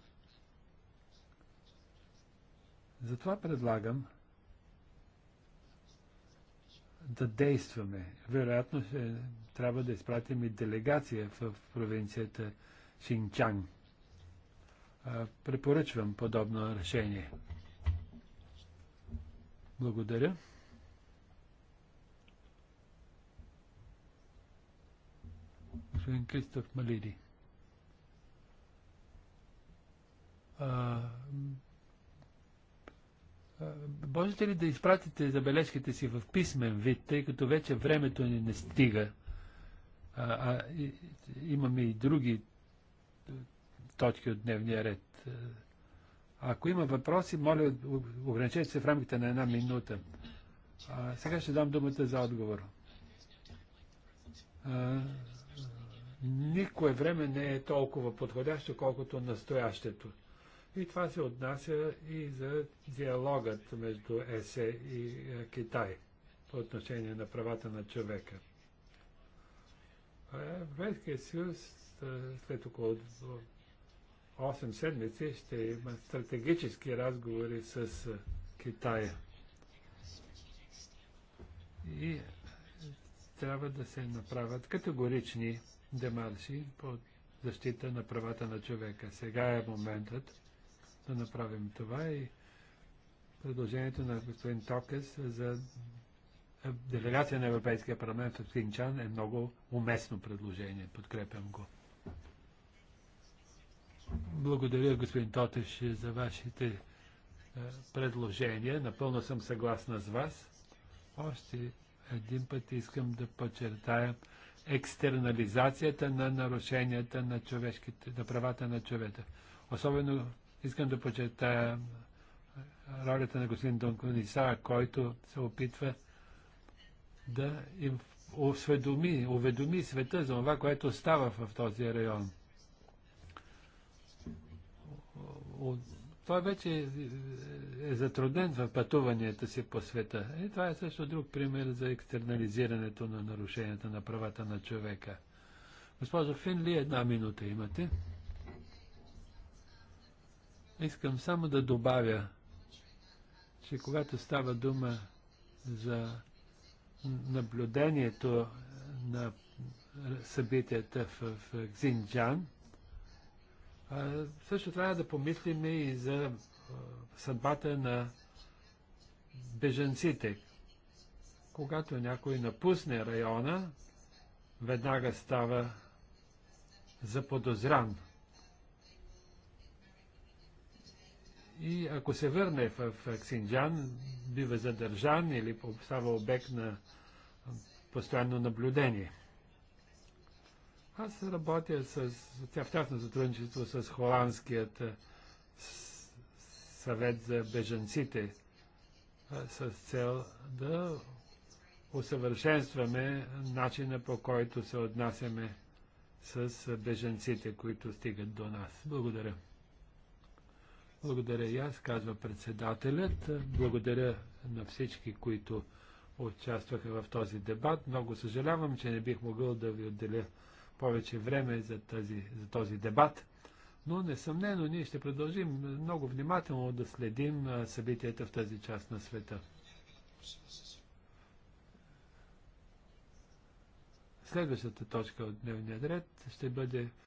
Затова предлагам да действаме. Вероятно ще трябва да изпратим и делегация в провинцията Шинчан. Препоръчвам подобно решение. Благодаря. господин Кристоф Малиди. А, а, можете ли да изпратите забележките си в писмен вид, тъй като вече времето ни не стига? А, а и, имаме и други точки от дневния ред. Ако има въпроси, моля, ограничете се в рамките на една минута. А, сега ще дам думата за отговор. А, никое време не е толкова подходящо, колкото настоящето. И това се отнася и за диалогът между ЕСЕ и е, Китай по отношение на правата на човека. Европейския съюз е, след около 8 седмици ще има стратегически разговори с е, Китая. И трябва да се направят категорични демарши по защита на правата на човека. Сега е моментът да направим това и предложението на господин Токес за делегация на Европейския парламент в Кинчан е много уместно предложение. Подкрепям го. Благодаря, господин Тотеш, за вашите е, предложения. Напълно съм съгласна с вас. Още един път искам да подчертая екстернализацията на нарушенията на, човешките, на правата на човека. Особено искам да почетая ролята на господин Донкониса, който се опитва да им осведоми, уведоми света за това, което става в този район. Той вече е, е, е затруднен в пътуванията си по света. И това е също друг пример за екстернализирането на нарушенията на правата на човека. Госпожо Финли, една минута имате. Искам само да добавя, че когато става дума за наблюдението на събитията в, в също трябва да помислим и за съдбата на беженците. Когато някой напусне района, веднага става заподозран И ако се върне в, в Ксинджан, бива задържан или става обект на постоянно наблюдение. Аз работя с, в тяхно сътрудничество с Холандският е, съвет за бежанците е, с цел да усъвършенстваме начина по който се отнасяме с бежанците, които стигат до нас. Благодаря. Благодаря и аз, казва председателят. Благодаря на всички, които участваха в този дебат. Много съжалявам, че не бих могъл да ви отделя повече време за, тази, за този дебат. Но несъмнено ние ще продължим много внимателно да следим събитията в тази част на света. Следващата точка от дневния ред ще бъде